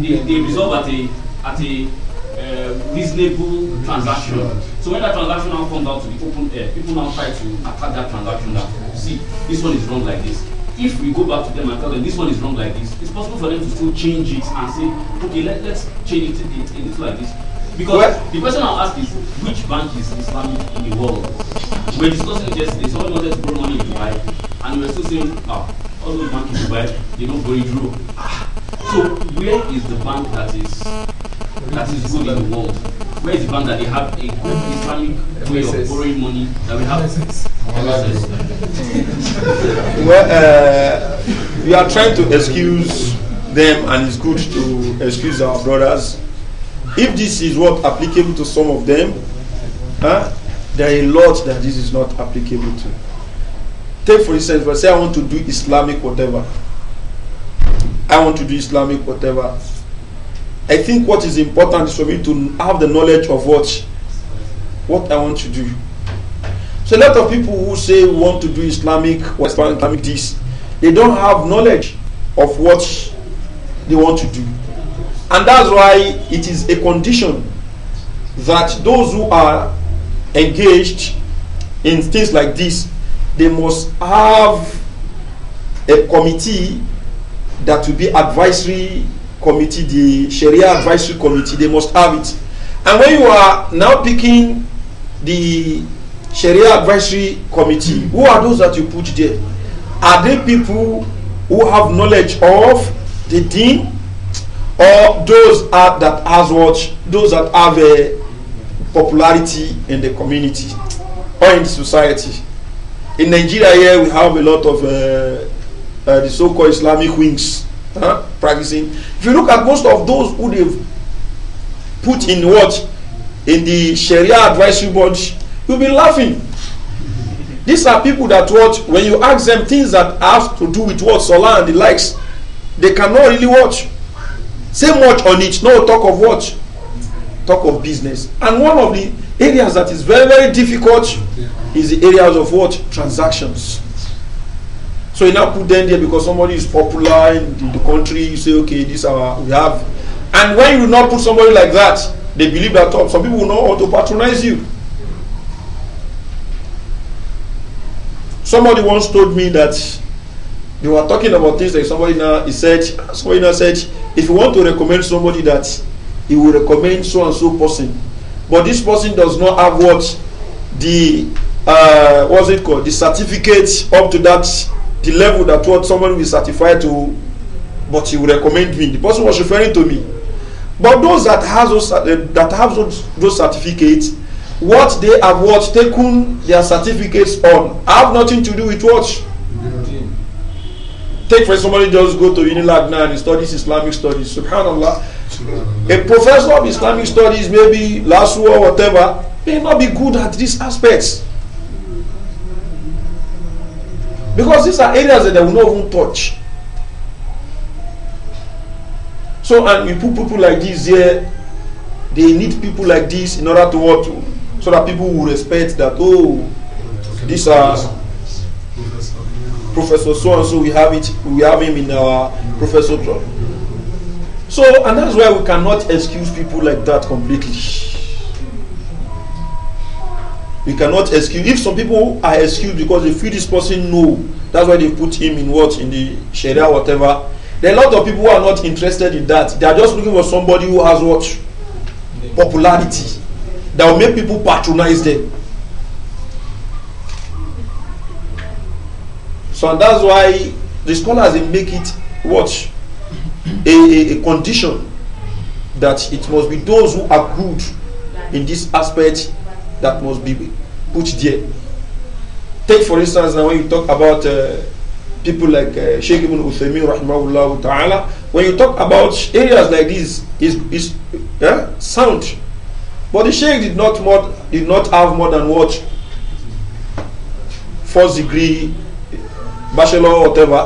they, they resolve at a, at a um, reasonable transaction. So when that transaction now comes out to the open air, people now try to attack that transaction That See, this one is wrong like this. If we go back to them and tell them this one is wrong like this, it's possible for them to still change it and say, okay, let, let's change it, a it, it like this. Because what? the question I'll ask is, which bank is Islamic in the world? We are discussing it yesterday, someone wanted to borrow money in Dubai, and we are still saying, ah, all those banks in Dubai, they don't borrow ah, So where is the bank that is that is good in the world. Where is the bank that they have a good Islamic way of borrowing money that we have? well, uh, we are trying to excuse them, and it's good to excuse our brothers. If this is what applicable to some of them, huh, there are a lot that this is not applicable to. Take for instance, say I want to do Islamic whatever. I want to do Islamic whatever I think what is important is for me to have the knowledge of what what I want to do. So a lot of people who say we want to do Islamic or Islamic this, they don't have knowledge of what they want to do. And that's why it is a condition that those who are engaged in things like this, they must have a committee that will be advisory committee, the Sharia advisory committee, they must have it. And when you are now picking the Sharia advisory committee, who are those that you put there? Are they people who have knowledge of the deen, or those are, that has what those that have a popularity in the community or in society? In Nigeria, here we have a lot of uh, uh, the so-called Islamic wings huh, practicing. If you look at most of those who they've put in what? In the Sharia advisory board, you'll be laughing. These are people that watch, when you ask them things that have to do with what Salah and the likes, they cannot really watch. Say much on it, no talk of what? Talk of business. And one of the areas that is very, very difficult is the areas of what? Transactions. So you now put them there because somebody is popular in the country. You say, okay, this our we have. And when you not put somebody like that, they believe that top. Some people will know how to patronize you. Somebody once told me that they were talking about things like somebody now he said somebody now said if you want to recommend somebody that he will recommend so and so person, but this person does not have what the uh, what's it called the certificate up to that the level that what someone will certify to, but he will recommend me. The person was referring to me. But those that has those, uh, that have those, those certificates, what they have what taken their certificates on have nothing to do with what. Take for somebody just go to Unilag now and he studies Islamic studies. Subhanallah. A professor of Islamic studies, maybe last war, whatever, may not be good at these aspects. Because these are areas that they will not even touch. So, and we put people like this here. They need people like this in order to what? So that people will respect that, oh, these are Professor so and so, we have it, we have him in our Professor. So, and that's why we cannot excuse people like that completely. we cannot excuse if some people are excused because they feel this person know that's why they put him in what in the sharia whatever there are a lot of people who are not interested in that they are just looking for somebody who has what popularity that will make people patronize them so that's why the scholars they make it what a, a, a condition that it must be those who are good in this aspect that must be put there. Take for instance now when you talk about uh, people like uh, Sheikh Ibn Uthaymeen rahmahullah ta'ala, when you talk about areas like this, is is yeah sound. But the Sheikh did not more, did not have more than what first degree bachelor whatever.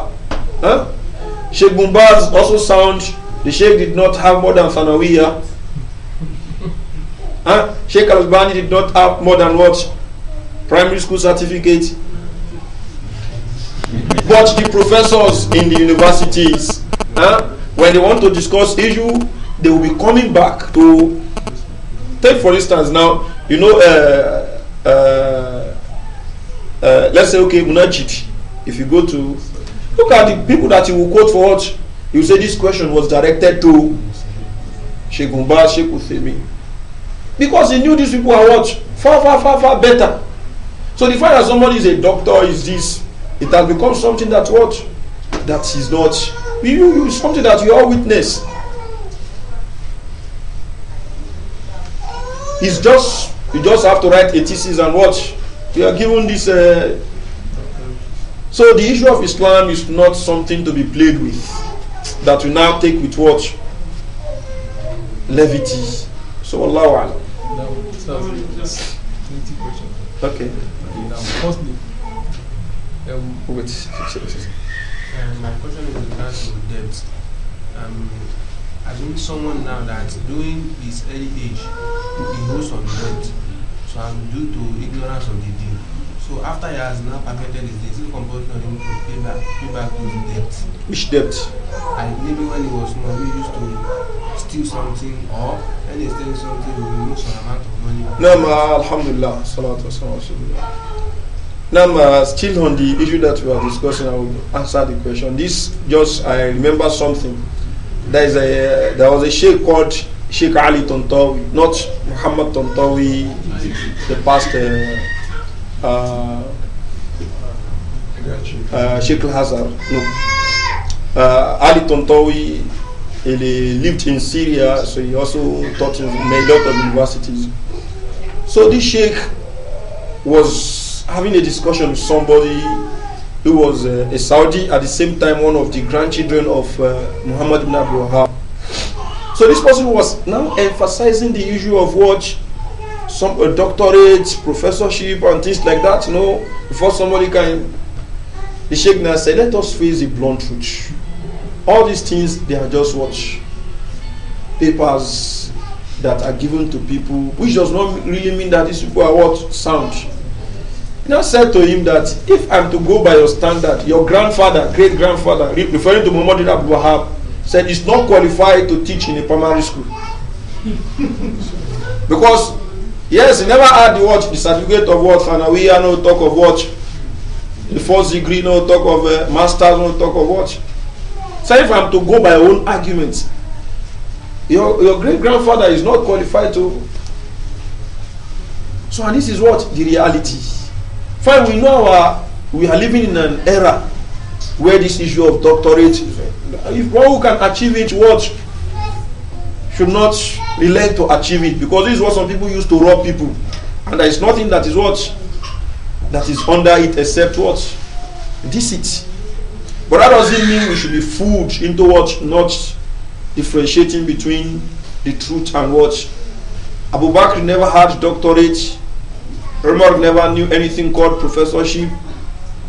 Huh? Eh? Sheikh Bumbaz also sound. The Sheikh did not have more than Fanawiya. Huh? Sheikh Al-Albani did not have more than what? Primary school certificate. But the professors in the universities, huh? when they want to discuss issue, they will be coming back to take for instance now, you know, uh, uh, uh, let's say okay, Munajid, if you go to look at the people that you will quote for what you say this question was directed to Sheikh Gumba, Sheikh Uthemi. Because he knew these people are what? Far, far, far, far better. So the fact that somebody is a doctor is this. It has become something that what? That is not. You, you, something that you all witness. It's just, you just have to write a thesis and watch. You are given this. Uh, so the issue of Islam is not something to be played with, that you now take with what? Levity. So Allah. Okay. firstly, um, um, my question is with to debt. Um, assume someone now that doing his early age, he knows on debt, so I'm due to ignorance of the deal. So after he has now pocketed his debt, it's compulsory on him to pay back, pay back Which debt? I maybe when he was small, used to steal something or when steal something we lose an amount of money. Alhamdulillah, salatu wasalam. Now, still on the issue that we are discussing, I will answer the question. This just I remember something. There is a there was a sheikh called Sheikh Ali Tontawi, not Muhammad Tontawi, the past uh, uh, uh, Sheikh Hazar. No, uh, Ali Tontawi he lived in Syria, so he also taught in a lot of universities. So this sheikh was having a discussion with somebody who was uh, a Saudi, at the same time one of the grandchildren of uh, Muhammad ibn Abdul Wahab. So this person was now emphasizing the issue of what some uh, doctorates, professorship, and things like that. You know, before somebody can, the sheikh now said, "Let us face the blunt truth." All these things, they are just what papers that are given to people, which does not really mean that these people are what sound. now said to him that if I'm to go by your standard, your grandfather, great grandfather, referring to Muhammad Abu Wahab, said he's not qualified to teach in a primary school. because, yes, he never had the watch the certificate of what, are no talk of what, the first degree, no talk of uh, master's, no talk of what. So if I'm to go by your own arguments, your, your great grandfather is not qualified to. So, and this is what the reality. Fine, we know our, we are living in an era where this issue of doctorate, if one who can achieve it, what should not relate to achieve it because this is what some people use to rob people, and there is nothing that is what that is under it except what this it. But that doesn't mean we should be fooled into what not differentiating between the truth and what. Abu Bakr never had doctorate. Umar never knew anything called professorship.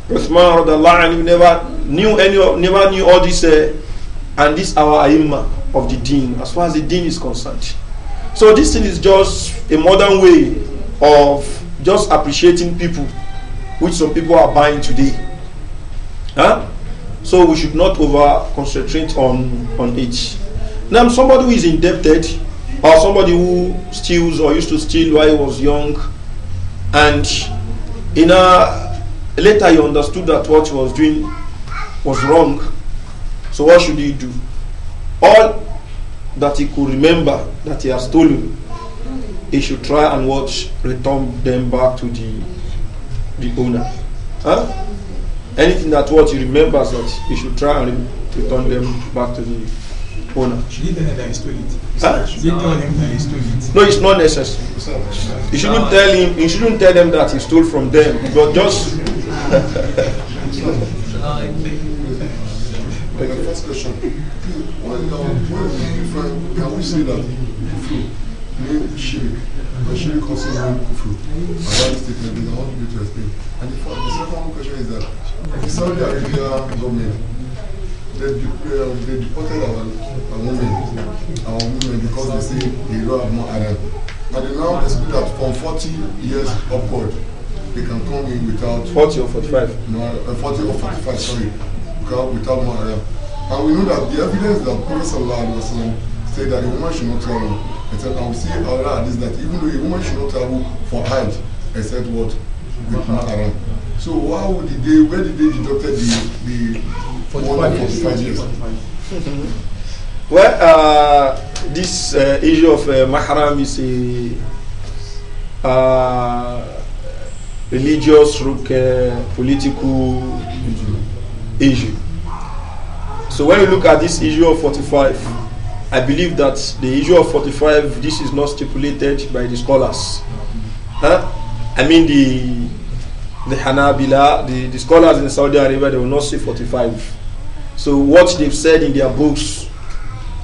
Uthman you never knew any, never knew all this. Uh, and this our aima of the deen, as far as the deen is concerned. So this thing is just a modern way of just appreciating people, which some people are buying today. Huh? So we should not over concentrate on, on it. Now, somebody who is indebted or somebody who steals or used to steal while he was young, and in a later he understood that what he was doing was wrong. So what should he do? All that he could remember that he has stolen, he should try and watch return them back to the the owner. Huh? anything that what he remembers, that he should try and return them back to the owner. Should he tell them that he stole it? Huh? Should he tell them that he stole it? No, it's not necessary. You shouldn't tell him. You shouldn't tell them that he stole from them. But just. okay. first question: When uh, can we say that shirk, shirk also means that statement is explain? And the second question is that Saudi Arabia government they, de uh, they deported our, our women our women because they say they don't have more Arab but they now expect that from forty years upward they can come in without forty or forty-five no uh, forty or forty sorry without without more and we know that the evidence that Prophet sallallahu alaihi wasallam said that a woman should not travel except and we see our hadith that even though a woman should not travel for Hajj except what with more Arab. So how did they, where did they deduct the, the 45 years? well, uh, this uh, issue of uh, mahram is a uh, religious, uh, political issue. So when you look at this issue of 45, I believe that the issue of 45, this is not stipulated by the scholars. Huh? I mean the the Hanabila, the, the scholars in Saudi Arabia, they will not say 45. So what they've said in their books,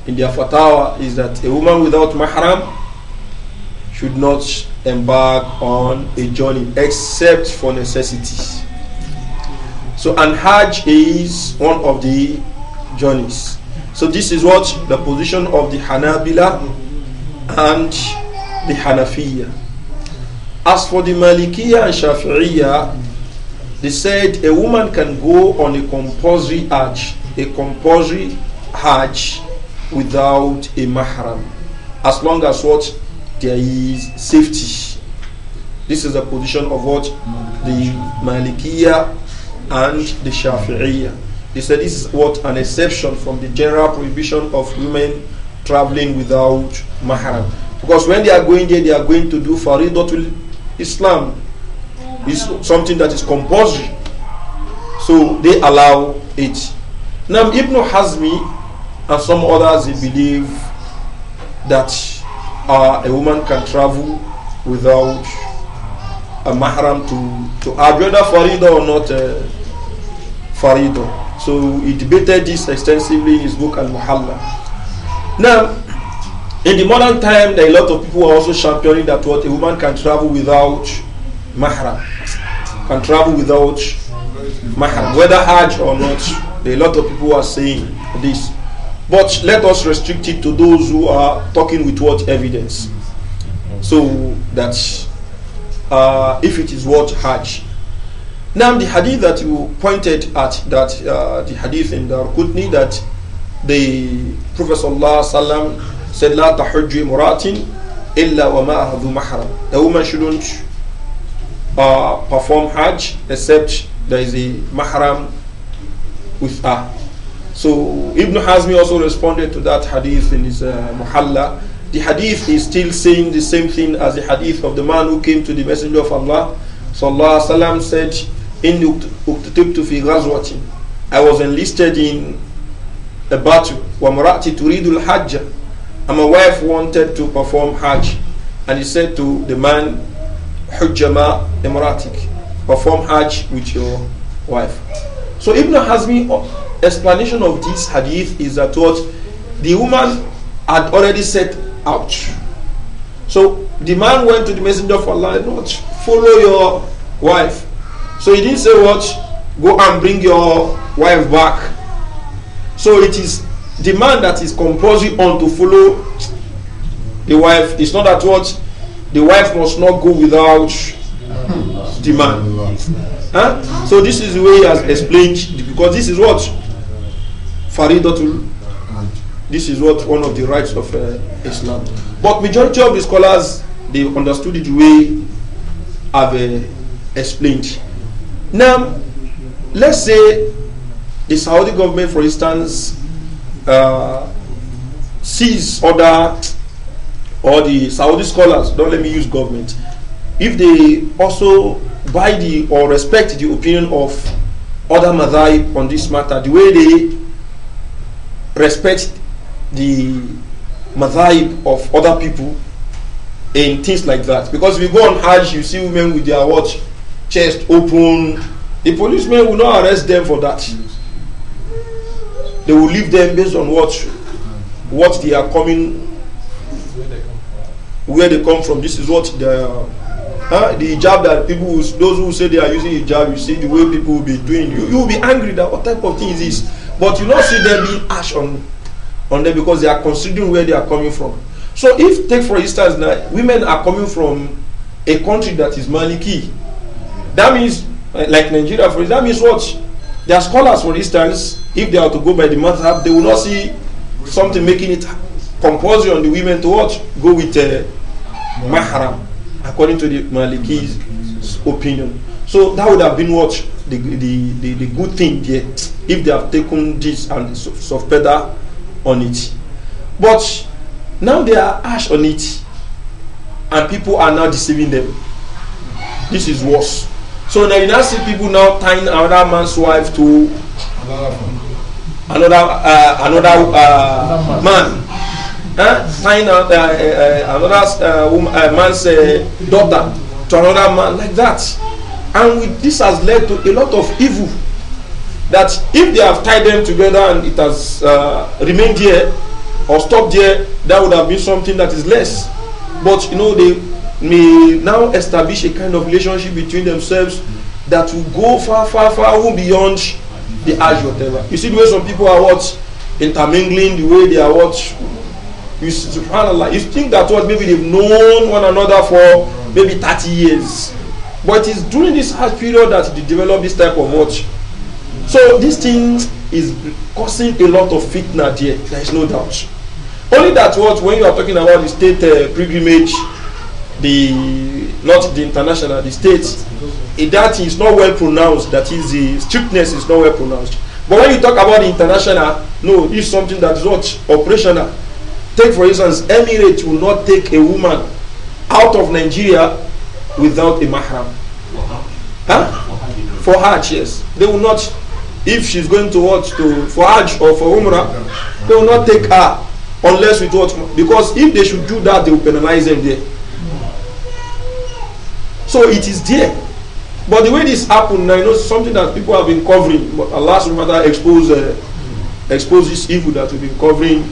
in their fatwa, is that a woman without mahram should not embark on a journey except for necessity. So an Hajj is one of the journeys. So this is what the position of the Hanabila and the Hanafiya. As for the Malikiya and Shafi'iyya, they said a woman can go on a compulsory hajj, a compulsory hajj without a mahram, as long as what there is safety. This is the position of what the Malikiya and the Shafi'iyya. They said this is what an exception from the general prohibition of women traveling without mahram. Because when they are going there, they are going to do faridotul. Islam. is something that is compulsory. So they allow it. Now Ibn Hazmi and some others they believe that uh, a woman can travel without a mahram to, to have whether Farida or not uh, Farida. So he debated this extensively in his book Al Muhalla. Now, in the modern time, there are a lot of people who are also championing that what a woman can travel without mahram, can travel without mahram, whether Hajj or not. There are a lot of people who are saying this. But let us restrict it to those who are talking with what evidence. So that uh, if it is what Hajj. Now the hadith that you pointed at, that uh, the hadith in the Rukutni that the Prophet Sallallahu said لا تحج مرات إلا وما أهدو محرم the woman shouldn't uh, perform Hajj except there is a mahram with her so Ibn Hazmi also responded to that hadith in his uh, Muhalla the hadith is still saying the same thing as the hadith of the man who came to the messenger of Allah sallallahu alaihi wasallam said in uktitibtu fi ghazwatin I was enlisted in a battle wa marati turidu al-hajjah And my wife wanted to perform Hajj. And he said to the man, Hujjama Emiratik, perform Hajj with your wife. So Ibn Hazmi explanation of this hadith is that what the woman had already set out. So the man went to the messenger of Allah, not follow your wife. So he didn't say what, go and bring your wife back. So it is the man that is compulsory on to follow the wife, is not that what the wife must not go without the man. Huh? So this is the way he has explained because this is what Faridatul. This is what one of the rights of uh, Islam. But majority of the scholars they understood it the way I've uh, explained. Now, let's say the Saudi government, for instance, uh, sees other or the Saudi scholars, don't let me use government, if they also buy the or respect the opinion of other madhaib on this matter, the way they respect the madhaib of other people in things like that. Because if you go on Hajj, you see women with their watch chest open. The policemen will not arrest them for that. Yes. They will leave them based on what what they are coming, where they come from. This is what the huh? the hijab that people, who, those who say they are using hijab, you see the way people will be doing. You you will be angry that what type of thing is this? But you not see them being ash on on them because they are considering where they are coming from. So if take for instance now women are coming from a country that is Maliki, that means like Nigeria for example, that means what Their scholars, for instance, if they are to go by the madhab, they will not see something making it compulsory on the women to watch, go with uh, mahram, according to the Maliki's opinion. So that would have been what the, the, the, the good thing there, if they have taken this and soft peda on it. But now they are ash on it, and people are now deceiving them. This is worse. So now you now see people now tying another man's wife to another uh, another uh, man, huh? tying uh, uh, uh another uh, woman, uh, man's daughter to another man like that, and we, this has led to a lot of evil. That if they have tied them together and it has remained here or stopped here, that would have been something that is less. But you know they may now establish a kind of relationship between themselves that will go far, far, far beyond the age or whatever. You see the way some people are what? Intermingling, the way they are what? You see, subhanAllah. You think that what? Maybe they've known one another for maybe thirty years. But it's during this hard period that they develop this type of what. So this thing is causing a lot of fitna there. There is no doubt. Only that what when you are talking about the state uh, pilgrimage the not the international, the states eh, that is not well pronounced. That is the strictness is not well pronounced. But when you talk about the international, no, it's something that is not operational. Take for instance, Emirates will not take a woman out of Nigeria without a mahram. Huh? For Hajj, yes. They will not, if she's going to watch to for Hajj or for Umrah, they will not take her unless with what because if they should do that, they will penalize them there. So it is there. But the way this happened, you know something that people have been covering, but Allah subhanahu wa ta'ala exposed, uh, this evil that we've been covering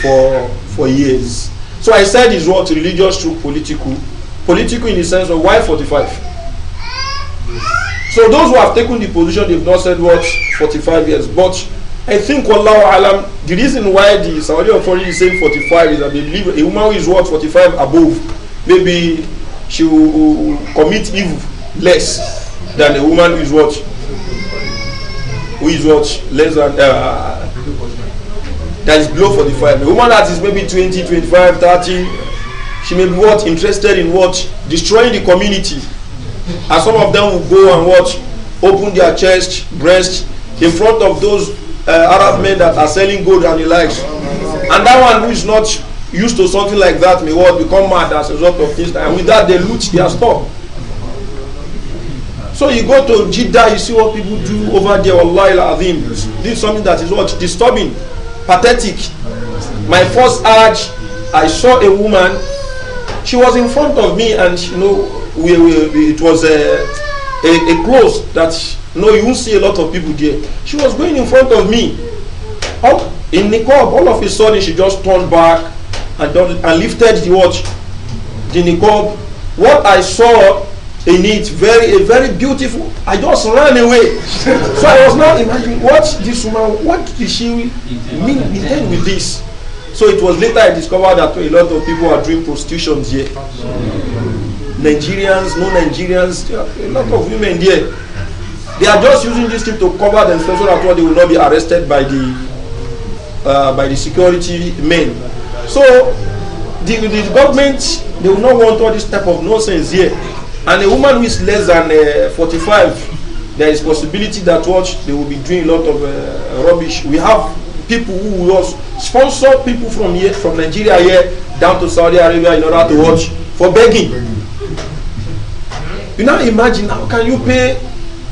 for, for years. So I said it's what religious through political. Political in the sense of why 45? So those who have taken the position, they've not said what 45 years. But I think, Wallahu Alam, the reason why the Saudi authority is saying 45 is that they believe a woman who is what 45 above, maybe she will, commit evil less than a woman who is what who is what less than uh, that is below 45 the woman that is maybe 20 25 30 she may be what interested in what destroying the community and some of them will go and what open their chest breast in front of those uh, arab men that are selling gold and the likes and that one who is not used to something like that may well become mad as a result of this. And with that, they loot their store. So you go to Jeddah, you see what people do over there, Allah Azim. This is something that is what? Disturbing, pathetic. My first urge, I saw a woman, she was in front of me, and you know, we, we it was a, a, a close that you no, know, you will see a lot of people there. She was going in front of me. Up in Nicob, all of a sudden she just turned back and, done, and lifted the watch, the niqab, what I saw in it, very, a very beautiful, I just ran away. so I was now imagining what this woman, what did she mean intend with this? So it was later I discovered that a lot of people are doing prostitution here. Nigerians, no Nigerians, a lot of women there. They are just using this thing to cover themselves so that they will not be arrested by the uh, by the security men. So the, the government, they will not want all this type of nonsense here. And a woman who is less than uh, five there is possibility that what they will be doing a lot of uh, rubbish. We have people who will sponsor people from here, from Nigeria here down to Saudi Arabia in order to watch for begging. You now imagine how can you pay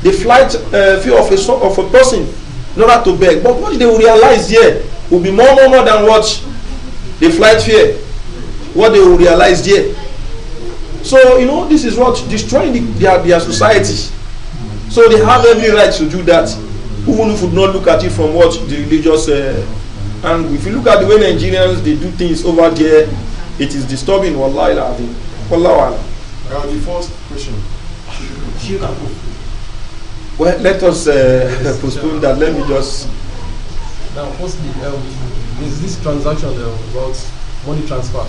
the flight uh, fee of a, of a person in order to beg? But what they will realize here will be more, more, more than what the flight fear. what they will realize there. So, you know, this is what destroying the, their, their society. So they have every right to do that. Even if would not look at it from what the religious uh, and if you look at the way Nigerians they do things over there, it is disturbing. Wallahi, I think. Wallah, uh, the first question. Well, let us uh, postpone that. Let me just. Now, firstly, um, there's this transaction about money transfer.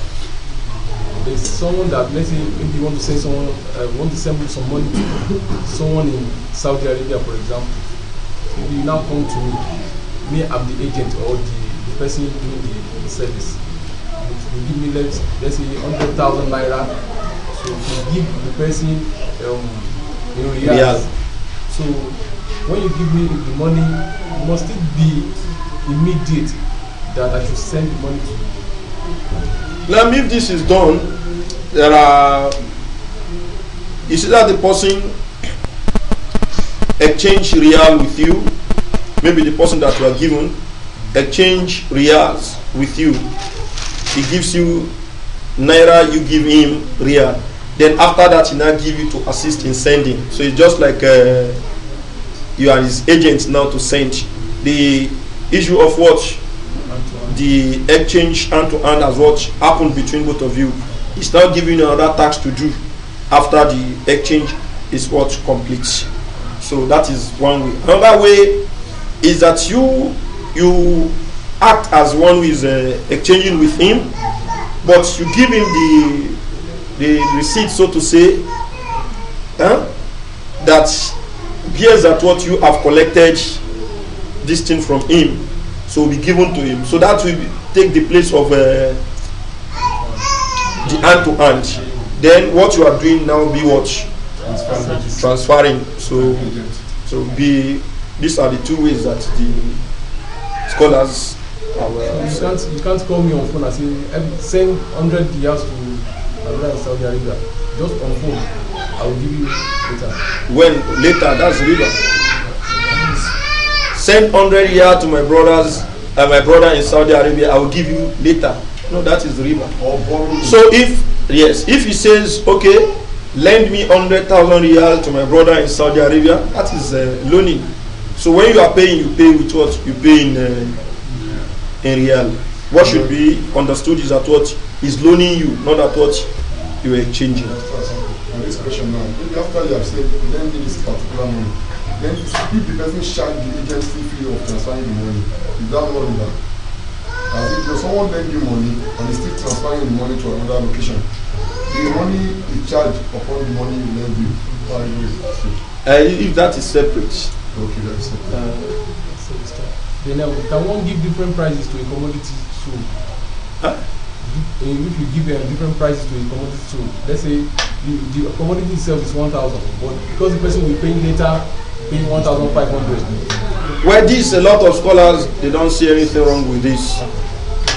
There's someone that let's say maybe you want to send someone uh, want to send some money to someone in Saudi Arabia, for example. Maybe you now come to me. Me, I'm the agent or the, the person doing the, the service. You give me let's let's say hundred thousand naira. So you give the person um, you know Yeah. So when you give me the money, it must it be immediate that I should send the money to you. Now, if this is done, there are. Is it that the person exchange real with you? Maybe the person that you are given exchange reals with you. He gives you naira, you give him real. Then after that, he now give you to assist in sending. So it's just like uh, you are his agent now to send. The issue of what the exchange hand to hand as what happened between both of you. is now giving you another task to do after the exchange is what completes. So that is one way. Another way is that you you act as one who is uh, exchanging with him, but you give him the the receipt, so to say, huh? that bears that what you have collected this thing from him so will be given to him. So that will take the place of uh, the hand to hand. Then what you are doing now be what? Transferring. So, so be. These are the two ways that the scholars. Are, uh, you can't you can't call me on phone and say eh, send hundred years to Abuja Saudi Arabia just on phone. I will give you later. When later that's river. send 100 yards to my brothers and uh, my brother in Saudi Arabia, I will give you later. No, that is riba. So if yes, if he says, okay, lend me hundred thousand riyal to my brother in Saudi Arabia, that is uh, loaning. So when you are paying, you pay with what you pay in uh, in What should be understood is that what is loaning you, not that what you are exchanging. This question now, after you have said, particular money. Then if the person charged the agency fee of transferring the money, is that not riba? As if someone lend you money and is still transferring the money to another location, the money is charged upon the money you lend you. Uh, if that is separate. Okay, that is separate. Uh, then uh, can one give different prices to a commodity too? Huh? if you give a uh, different prices to a commodity too, let's say the, the commodity itself is 1,000, but because the person will pay later being 1,500. Where this, a lot of scholars, they don't see anything wrong with this.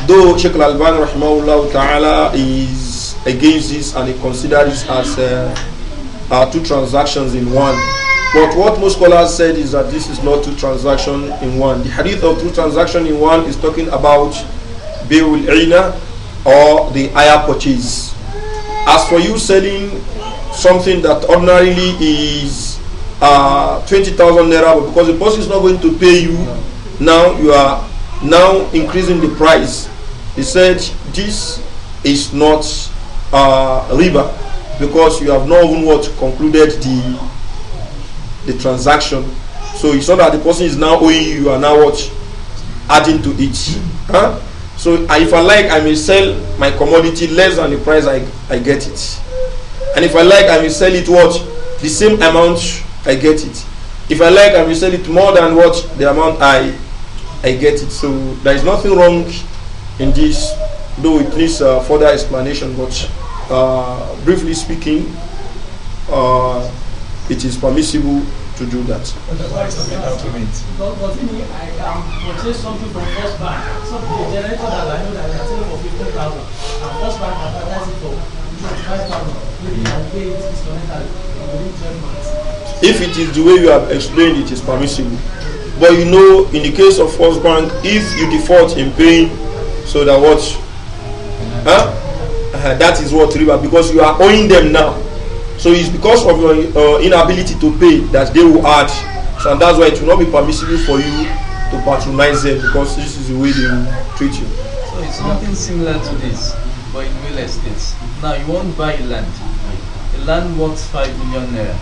Though Sheikh Al-Albani, rahimahullah ta'ala, is against this and he considers this as uh, uh, two transactions in one. But what most scholars said is that this is not two transactions in one. The hadith of two transactions in one is talking about Beul Ina or the higher purchase. As for you selling something that ordinarily is uh, 20,000 naira, because the person is not going to pay you, no. now you are now increasing the price. He said, This is not uh, river because you have not even what concluded the the transaction. So it's not that the person is now owing you, you are now what adding to it. Huh? So uh, if I like, I may sell my commodity less than the price I, I get it. And if I like, I may sell it what? The same amount I get it. If I like, I will sell it more than what the amount I I get it. So there is nothing wrong in this, though it needs uh, further explanation. But uh, briefly speaking, uh, it is permissible to do that. But does it mean I um, something from First Bank, something generator that I know that I can sell for 15,000, and First Bank advertises it for 25,000, maybe I pay it disconnected within 12 months. if it is the way you have explained it is permissible but you know in the case of first bank if you default in paying so that what huh? Uh, that is what riba because you are owing them now so it's because of your uh, inability to pay that they will add so and that's why it will not be permissible for you to patronize them because this is the way they will treat you so it's nothing similar to this but in real estate now you won't buy land The land worth 5 million naira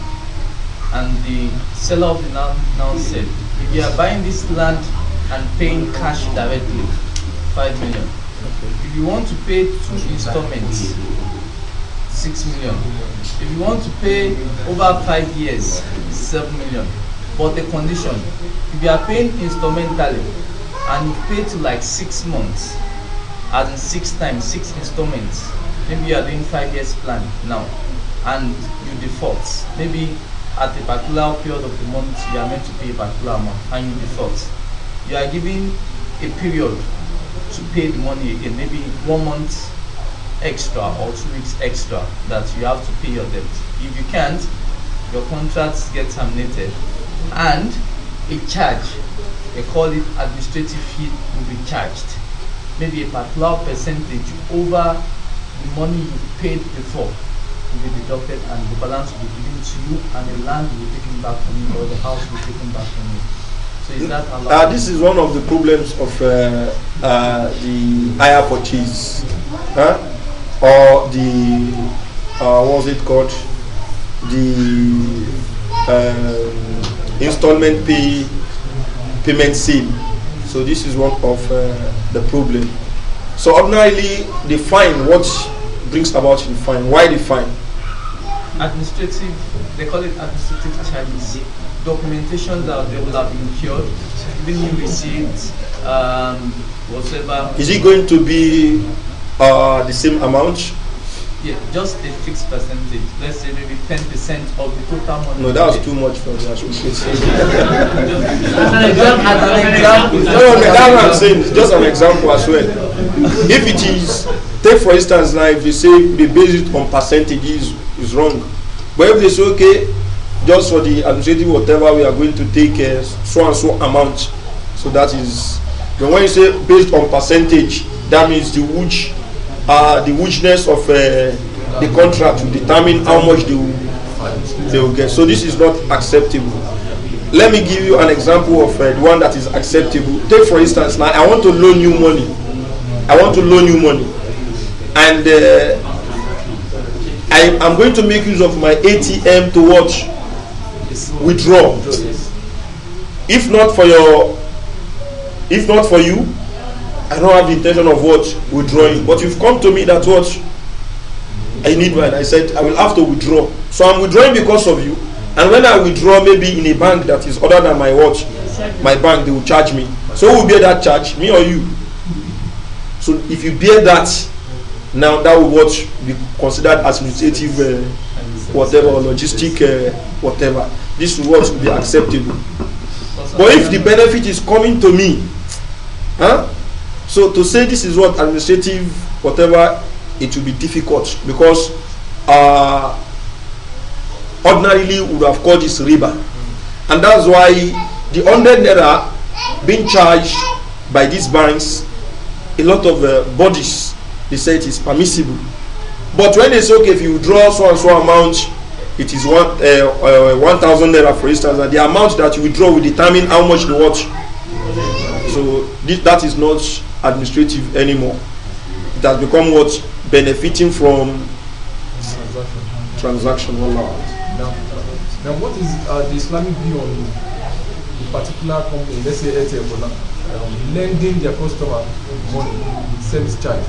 and the seller of the land now said, we are buying this land and paying cash directly, 5 million. If you want to pay two installments, 6 million. If you want to pay over 5 years, 7 million. But the condition, if you are paying instrumentally and you pay to like 6 months, as in 6 times, 6 installments, maybe you are doing 5 years plan now and you default, maybe at a particular period of the month you are meant to pay a particular amount and you default. You are given a period to pay the money again, maybe one month extra or two weeks extra that you have to pay your debt. If you can't, your contract gets terminated and a charge, they call it administrative fee, will be charged. Maybe a particular percentage over the money you paid before will be deducted and the balance will be given to you and the land will be taken back from you or the house will be taken back from you. So is that allowed? Uh, this is one of the problems of uh, uh, the higher purchase huh? or the, uh, what was it called? The uh, installment pay, payment seal. So this is one of uh, the problem. So ordinarily, they find what brings about in fine. Why the fine? Administrative, they call it administrative charges. Documentation that they would have incurred, billing receipts, um, whatever. Is it going to be uh, the same amount? Yeah, just a fixed percentage. Let's say maybe 10% of the total money. No, that was too much for the actual an example. No, no, that's what I'm saying. just an example as well. If it is, take for instance, now if you say the basis on percentages is wrong, but if they say, okay, just for the administrative whatever, we are going to take uh, so and so amount. So that is, but when you say based on percentage, that means the which uh, the richness of uh, the contract will determine how much they will, they will get. So this is not acceptable. Let me give you an example of uh, the one that is acceptable. Take for instance, now I want to loan you money. I want to loan you money, and uh, I, I'm going to make use of my ATM to watch withdraw. If not for your, if not for you, I don't have the intention of what? Withdrawing. But you've come to me that what? I need one. I said, I will have to withdraw. So I'm withdrawing because of you. And when I withdraw, maybe in a bank that is other than my watch, my bank, they will charge me. So who will bear that charge? Me or you? So if you bear that, now that will what be considered as uh, whatever, or logistic, uh, whatever. This reward will be acceptable. But if the benefit is coming to me, huh? So to say this is what administrative, whatever, it will be difficult because uh, ordinarily would have called this riba. And that's why the 100 naira being charged by these banks, a lot of uh, bodies, they say it is permissible. But when they say, okay, if you draw so and so amount, it is one uh, uh, 1,000 naira, for instance, and the amount that you withdraw will determine how much the watch. So that is not administrative anymore. It has become what? Benefiting from transactional Now, now what is uh, the Islamic view on a particular company, let's say Airtel, um, lending their customer money, service charge?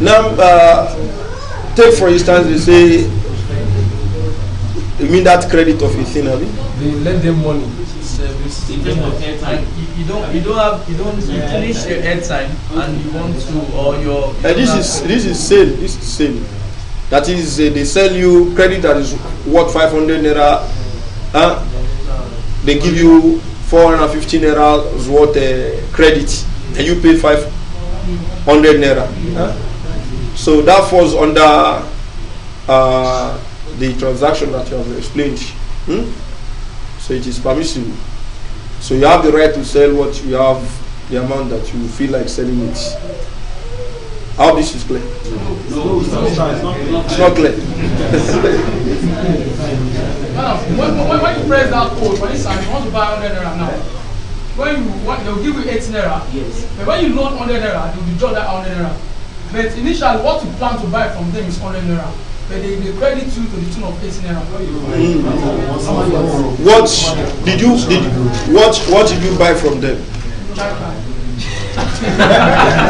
Now, uh, take for instance, you say, you mean that credit of Ethiopia? They lend them money. Service. airtime you don't you don't have you don't you finish your airtime time and you want to or your. your uh, this is this is sale. This is sale. That is uh, they sell you credit that is worth 500 naira. Huh? They give you 450 naira worth uh, credit, and you pay 500 naira. Huh? So that falls under uh, the transaction that you have explained. Hmm? So it is permissible. So you have the right to sell what you have, the amount that you feel like selling it. How this is clear? No, no, it's not clear. when, when, when you press that code, for instance, you want to buy 100 naira now. When you want, they'll give you 8 naira. Yes. But when you loan 100 naira, they'll withdraw that 100 naira. But initially, what you plan to buy from them is 100 naira. Mm. What did you did what what did you buy from them?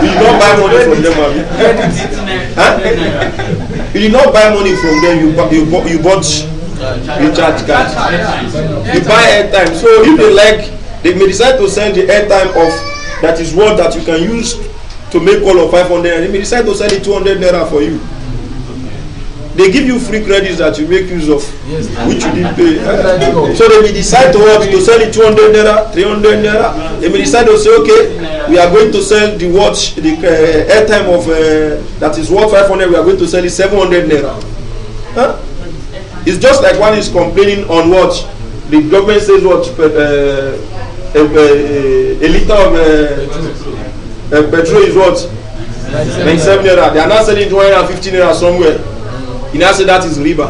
you did not buy money from them, Abi. huh? You did not buy money from them. You you, bu- you bought you charge card. You buy airtime. So if they like, they may decide to send the airtime of that is what that you can use to make call of five hundred. And They may decide to send two hundred naira for you. They give you free credits that you make use of, yes, which you didn't pay. so they may decide to what? To sell it 200 naira, 300 naira. They may decide to say, okay, we are going to sell the watch, the uh, airtime of uh, that is worth 500, we are going to sell it 700 naira. Huh? It's just like one is complaining on watch. the government says what uh, a, uh, a, uh, a, liter of uh, uh, petrol is what 97 naira. They are not selling 250 naira somewhere. You now say that is riba.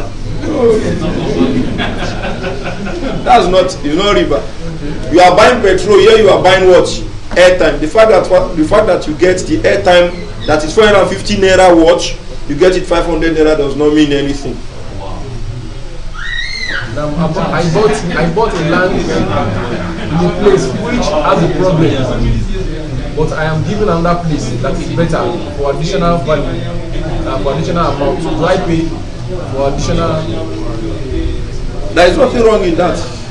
That's not, you know, riba. You are buying petrol, here you are buying watch, Airtime. The fact that the fact that you get the airtime that is 450 naira watch, you get it 500 naira does not mean anything. I bought I bought a land in a place which has a problem, but I am given another place that is better for additional value. Uh, for additional amount do I pay for additional. there is nothing wrong in that.